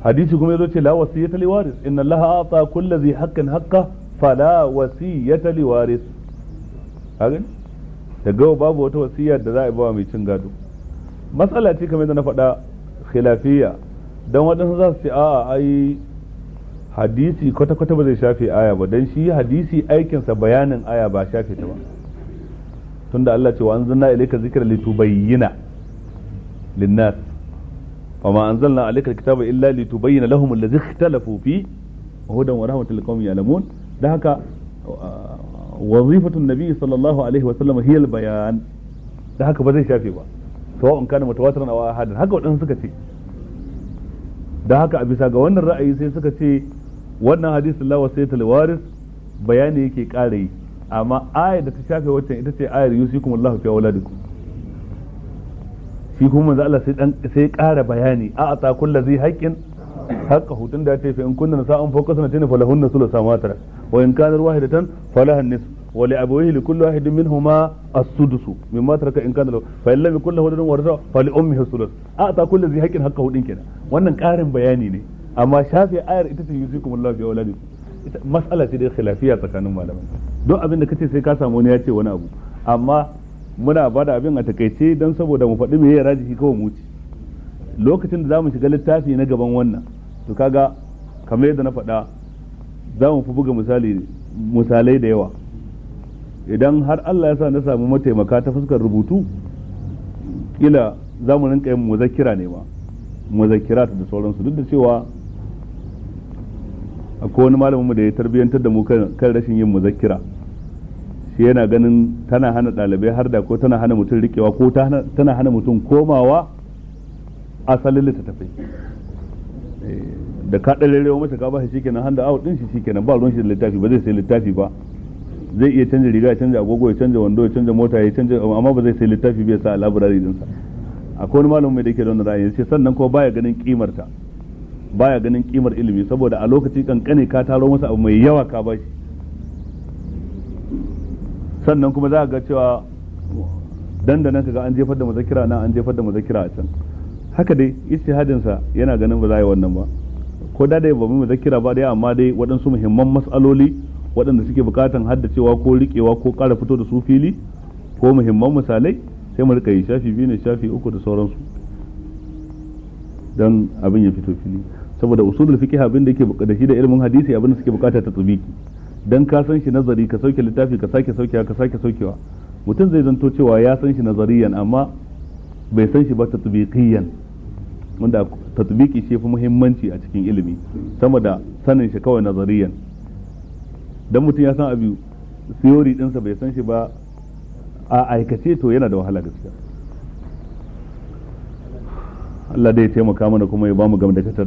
hadisi kuma yazo ce la wasiyata li waris inna allaha ata kulli dhi haqqin haqqa fala wasiyata li waris hagan daga babu wata wasiya da za a yi bawa mai cin gado matsala ce kamar da na faɗa khilafiyya dan waɗansu za su ce a'a ai hadisi kwata-kwata ba zai shafe aya ba don shi hadisi aikinsa bayanin aya ba shafe ta ba Tun da Allah ce wa an anzalna ilayka zikra litubayyana linnas wa ma an anzalna alayka alkitaba illa litubayyana lahum alladhi ikhtalafu fi hudan wa rahmatan liqaumin ya'lamun da haka uh, wazifatu nabi sallallahu alaihi wa sallam hiya bayan. da haka ba zai shafe ba sawa'un kana mutawatiran aw ahadan haka wadansu suka ce da haka a bisa ga wannan ra'ayi sai suka ce wannan hadisin lawa sai talwaris bayani yake ƙara yi amma ayar da ta shafe waccan ita ce ayar yusikum Allahu fi auladikum shi kuma manzo Allah sai dan ƙara bayani a ata kullu zai haƙƙin. haqqa hutun da ta fi in kunna sa'an fawqa sanatin falahunna thuluthu ma tarak wa in kana wahidatan falaha nisf wa li abawayhi li kulli wahidin minhuma as-sudus mimma taraka in kana fa in lam yakul lahu waladun warisa fa li ummihi thuluth a ata kullu zai haƙƙin haƙƙa hudun kenan wannan ƙarin bayani ne amma shafi ayar ita ce yusikum kuma lafiya wala ita mas'ala ce da khilafiya tsakanin malamai don abin da kace sai ka samu wani ya ce wani abu amma muna bada abin a takaice don saboda mu faɗi meye shi kawai mu ci lokacin da zamu shiga littafi na gaban wannan to kaga kamar yadda na faɗa za mu fi buga misali misalai da yawa idan har Allah ya sa na samu mataimaka ta fuskar rubutu kila zamu mu rinka yin muzakira ne ma ta da sauransu duk da cewa akwai wani malamin mu da ya tarbiyantar da mu kan rashin yin muzakkira shi yana ganin tana hana ɗalibai har da ko tana hana mutum riƙewa ko tana hana mutum komawa asalin littattafai eh, da ka ɗan rewa masa ka bashi shikenan handa out ɗin shi shikenan ba ruwan shi da littafi ba zai sai littafi ba zai iya canza riga ya canza agogo ya canza wando ya canza mota ya canza amma ba zai sai littafi bai sa a laburari ɗinsa akwai wani malamin mai da yake da wani ra'ayi sai sannan kuma baya ganin kimarta ta baya ganin kimar ilimi saboda a lokaci kankane ka taro masa abu mai yawa ka bashi sannan kuma za ga cewa dandanan ka ga an jefar da muzakira nan an jefar da muzakira a can haka dai istihadin sa yana ganin ba za yi wannan ba ko da dai ba mu muzakira ba dai amma dai waɗansu muhimman matsaloli waɗanda suke bukatan haddacewa ko riƙewa ko ƙara fito da su fili ko muhimman misalai sai mu rika yi shafi biyu ne shafi uku da sauransu don abin ya fito fili saboda usulul fiqh abin da yake da shi da ilimin hadisi abin da suke bukata ta tsubiki dan ka san shi nazari ka sauke littafi ka sake saukewa ka sake saukewa mutum zai zanto cewa ya san shi nazariyan amma bai san shi ba tatbiqiyan wanda tsubiki shi fi muhimmanci a cikin ilimi sama da sanin shi kawai nazariyan dan mutum ya san abu theory dinsa bai san shi ba a aikace to yana da wahala gaskiya Allah dai ya taimaka mana kuma ya bamu gamdakatar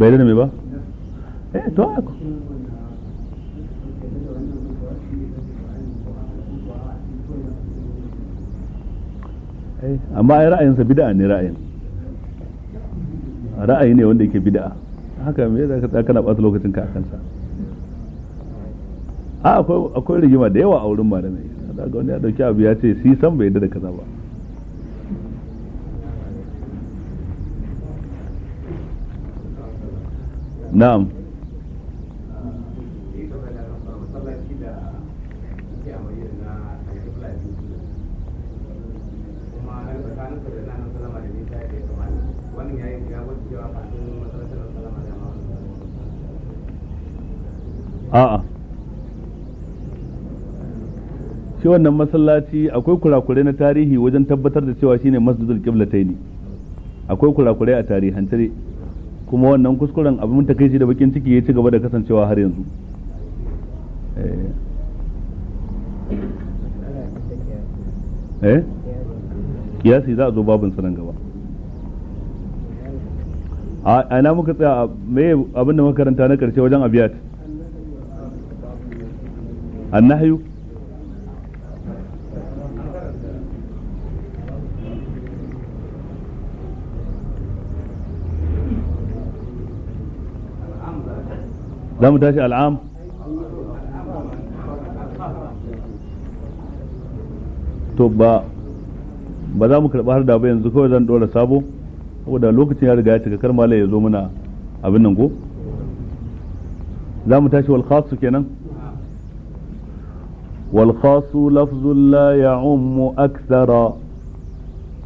bai da ba eh to haka amma ai ra'ayinsa bid'a ne ra'ayin ra'ayi ne wanda yake bid'a haka me zaka tsaya kana ɓata lokacin ka kansa a akwai rigima da yawa a wurin malamai ga wani ya dauki abu ya ce si san bai yadda da kaza ba na'am a'a shi wannan masallaci akwai kurakurai na tarihi wajen tabbatar da cewa shine masjidul qiblataini akwai kurakurai a hantare kuma wannan kuskuren abin ta kai da bakin ciki ya ci gaba da kasancewa har yanzu eh, eh? kiyasi za a zo babin sanan gaba a ina muka tsaya me abin da makaranta na karshe wajen abiyat annahayu za mu tashi al'am to ba ba za mu karɓi har da ba yanzu kawai zan ɗora sabo saboda lokacin ya riga ya cika kar malai ya zo muna abin nan ko za mu tashi wal khasu kenan wal khasu lafzun la ya'ummu akthara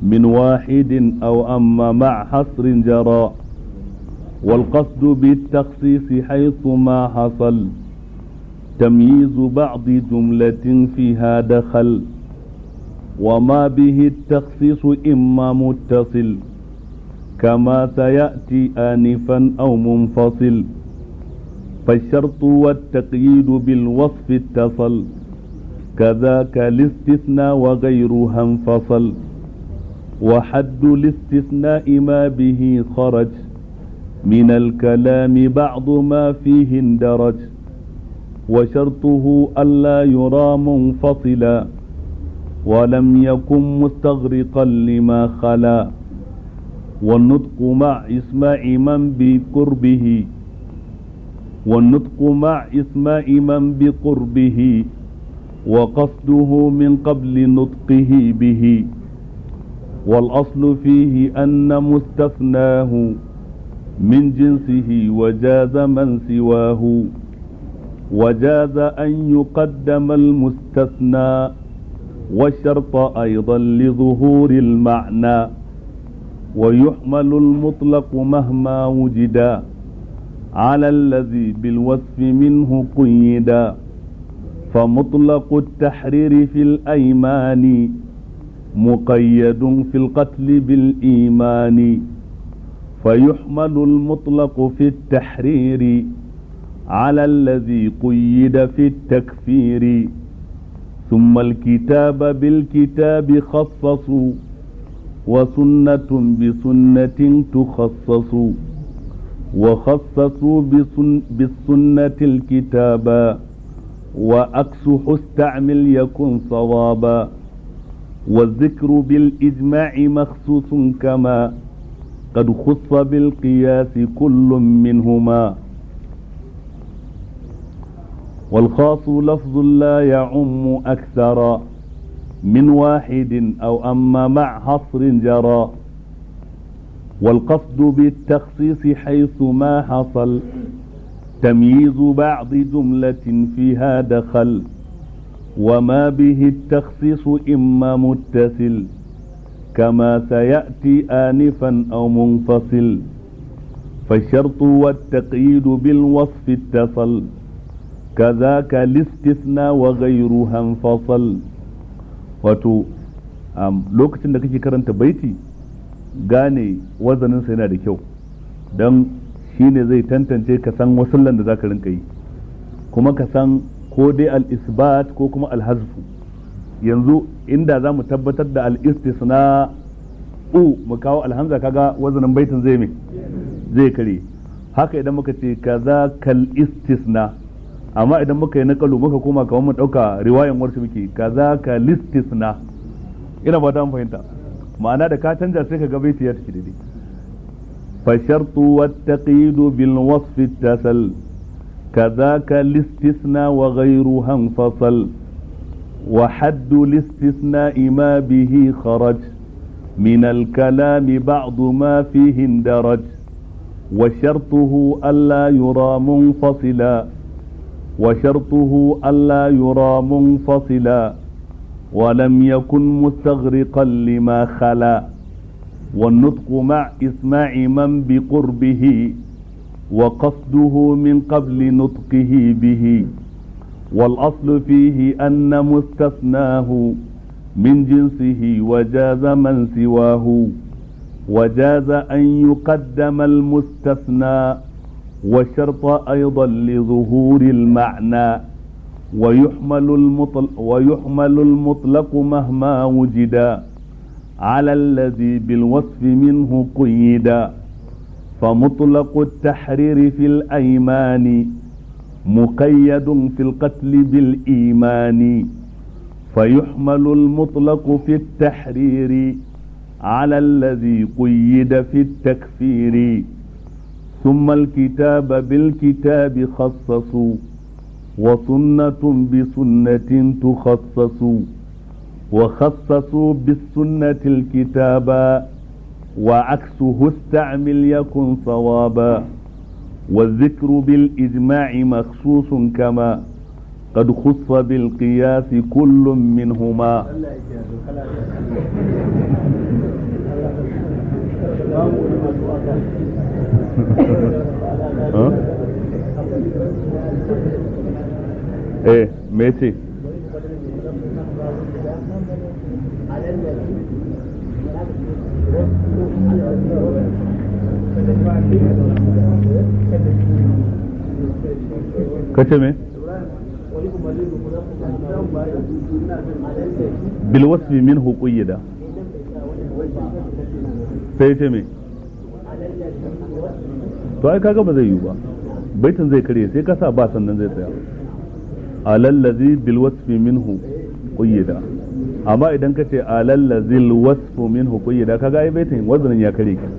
min wahidin aw amma ma hasrin jara والقصد بالتخصيص حيث ما حصل تمييز بعض جملة فيها دخل وما به التخصيص إما متصل كما سيأتي آنفا أو منفصل فالشرط والتقييد بالوصف اتصل كذاك الاستثناء وغيرها انفصل وحد الاستثناء ما به خرج من الكلام بعض ما فيه اندرج وشرطه ألا يرى منفصلا ولم يكن مستغرقا لما خلا والنطق مع اسماء من بقربه والنطق مع اسماء من بقربه وقصده من قبل نطقه به والأصل فيه أن مستثناه من جنسه وجاز من سواه وجاز أن يقدم المستثنى والشرط أيضا لظهور المعنى ويحمل المطلق مهما وجدا على الذي بالوصف منه قيدا فمطلق التحرير في الأيمان مقيد في القتل بالإيمان فيحمل المطلق في التحرير على الذي قيد في التكفير ثم الكتاب بالكتاب خصص وسنة بسنة تخصص وخصصوا بسن بالسنة الكتابا وأكسح استعمل يكن صوابا والذكر بالإجماع مخصوص كما قد خص بالقياس كل منهما والخاص لفظ لا يعم أكثر من واحد أو أما مع حصر جرى والقصد بالتخصيص حيث ما حصل تمييز بعض جملة فيها دخل وما به التخصيص إما متصل كما سيأتي آنفا أو منفصل فالشرط والتقييد بالوصف اتصل كذاك الاستثناء وغيرها انفصل wato lokacin da kake karanta baiti gane wazaninsa yana da kyau don shi ne zai tantance ka san wasullan da za ka rinka yi kuma ka san ko dai al-isbat ko kuma al-hazfu yanzu inda za mu tabbatar da al’istisna u mu kawo alhamza kaga wazanin baitin zai mai zai kare haka idan muka ce kaza kal istisna amma idan muka yi nakalu muka koma kamar mu dauka riwayan warsu muke kaza kal istisna ina ba ta fahimta ma'ana da ka canja sai ka ga ya tafi daidai فالشرط والتقييد بالوصف اتصل كذاك وحد الاستثناء ما به خرج من الكلام بعض ما فيه اندرج وشرطه ألا يرى منفصلا وشرطه ألا يرى منفصلا ولم يكن مستغرقا لما خلا والنطق مع إسماع من بقربه وقصده من قبل نطقه به والأصل فيه أن مستثناه من جنسه وجاز من سواه وجاز أن يقدم المستثنى والشرط أيضا لظهور المعنى ويحمل المطلق, ويحمل المطلق مهما وجدا على الذي بالوصف منه قيدا فمطلق التحرير في الأيمان مقيد في القتل بالإيمان فيحمل المطلق في التحرير على الذي قيد في التكفير ثم الكتاب بالكتاب خصصوا وسنة بسنة تخصص وخصصوا بالسنة الكتابا وعكسه استعمل يكن صوابا والذكر بالإجماع مخصوص كما قد خص بالقياس كل منهما [LAUGHS] ايه ماشي [LAUGHS] kace me bil wasfi minhu qayyida sai ce me to ai kaga ba zai yi ba baitin zai kare sai ka sa ba sannan zai tsaya alallazi bil wasfi minhu qayyida amma idan ka ce alallazi al wasfu minhu qayyida kaga ai baitin wazanin ya kare ki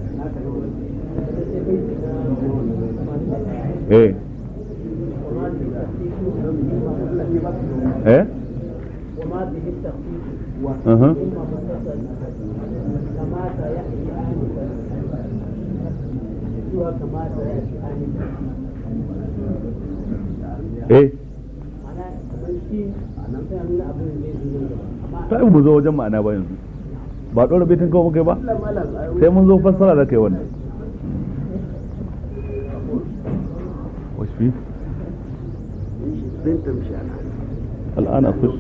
eh eh uh-huh. eh ta mu zo wajen ma'ana ba yanzu ba ɗora baitin kawo muka ba sai mun zo fassara da kai wannan إيه؟ الآن أخش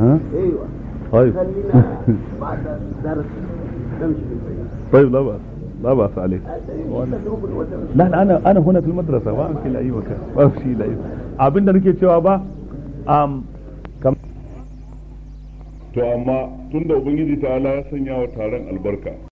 ها؟ أيوة طيب [LAUGHS] بعد نمشي طيب لا بأس لا بأس عليك لا لا أنا أنا هنا في المدرسة ما أمشي لأي مكان ما أمشي لأي مكان nake cewa ba um, kam... to amma tunda ubangiji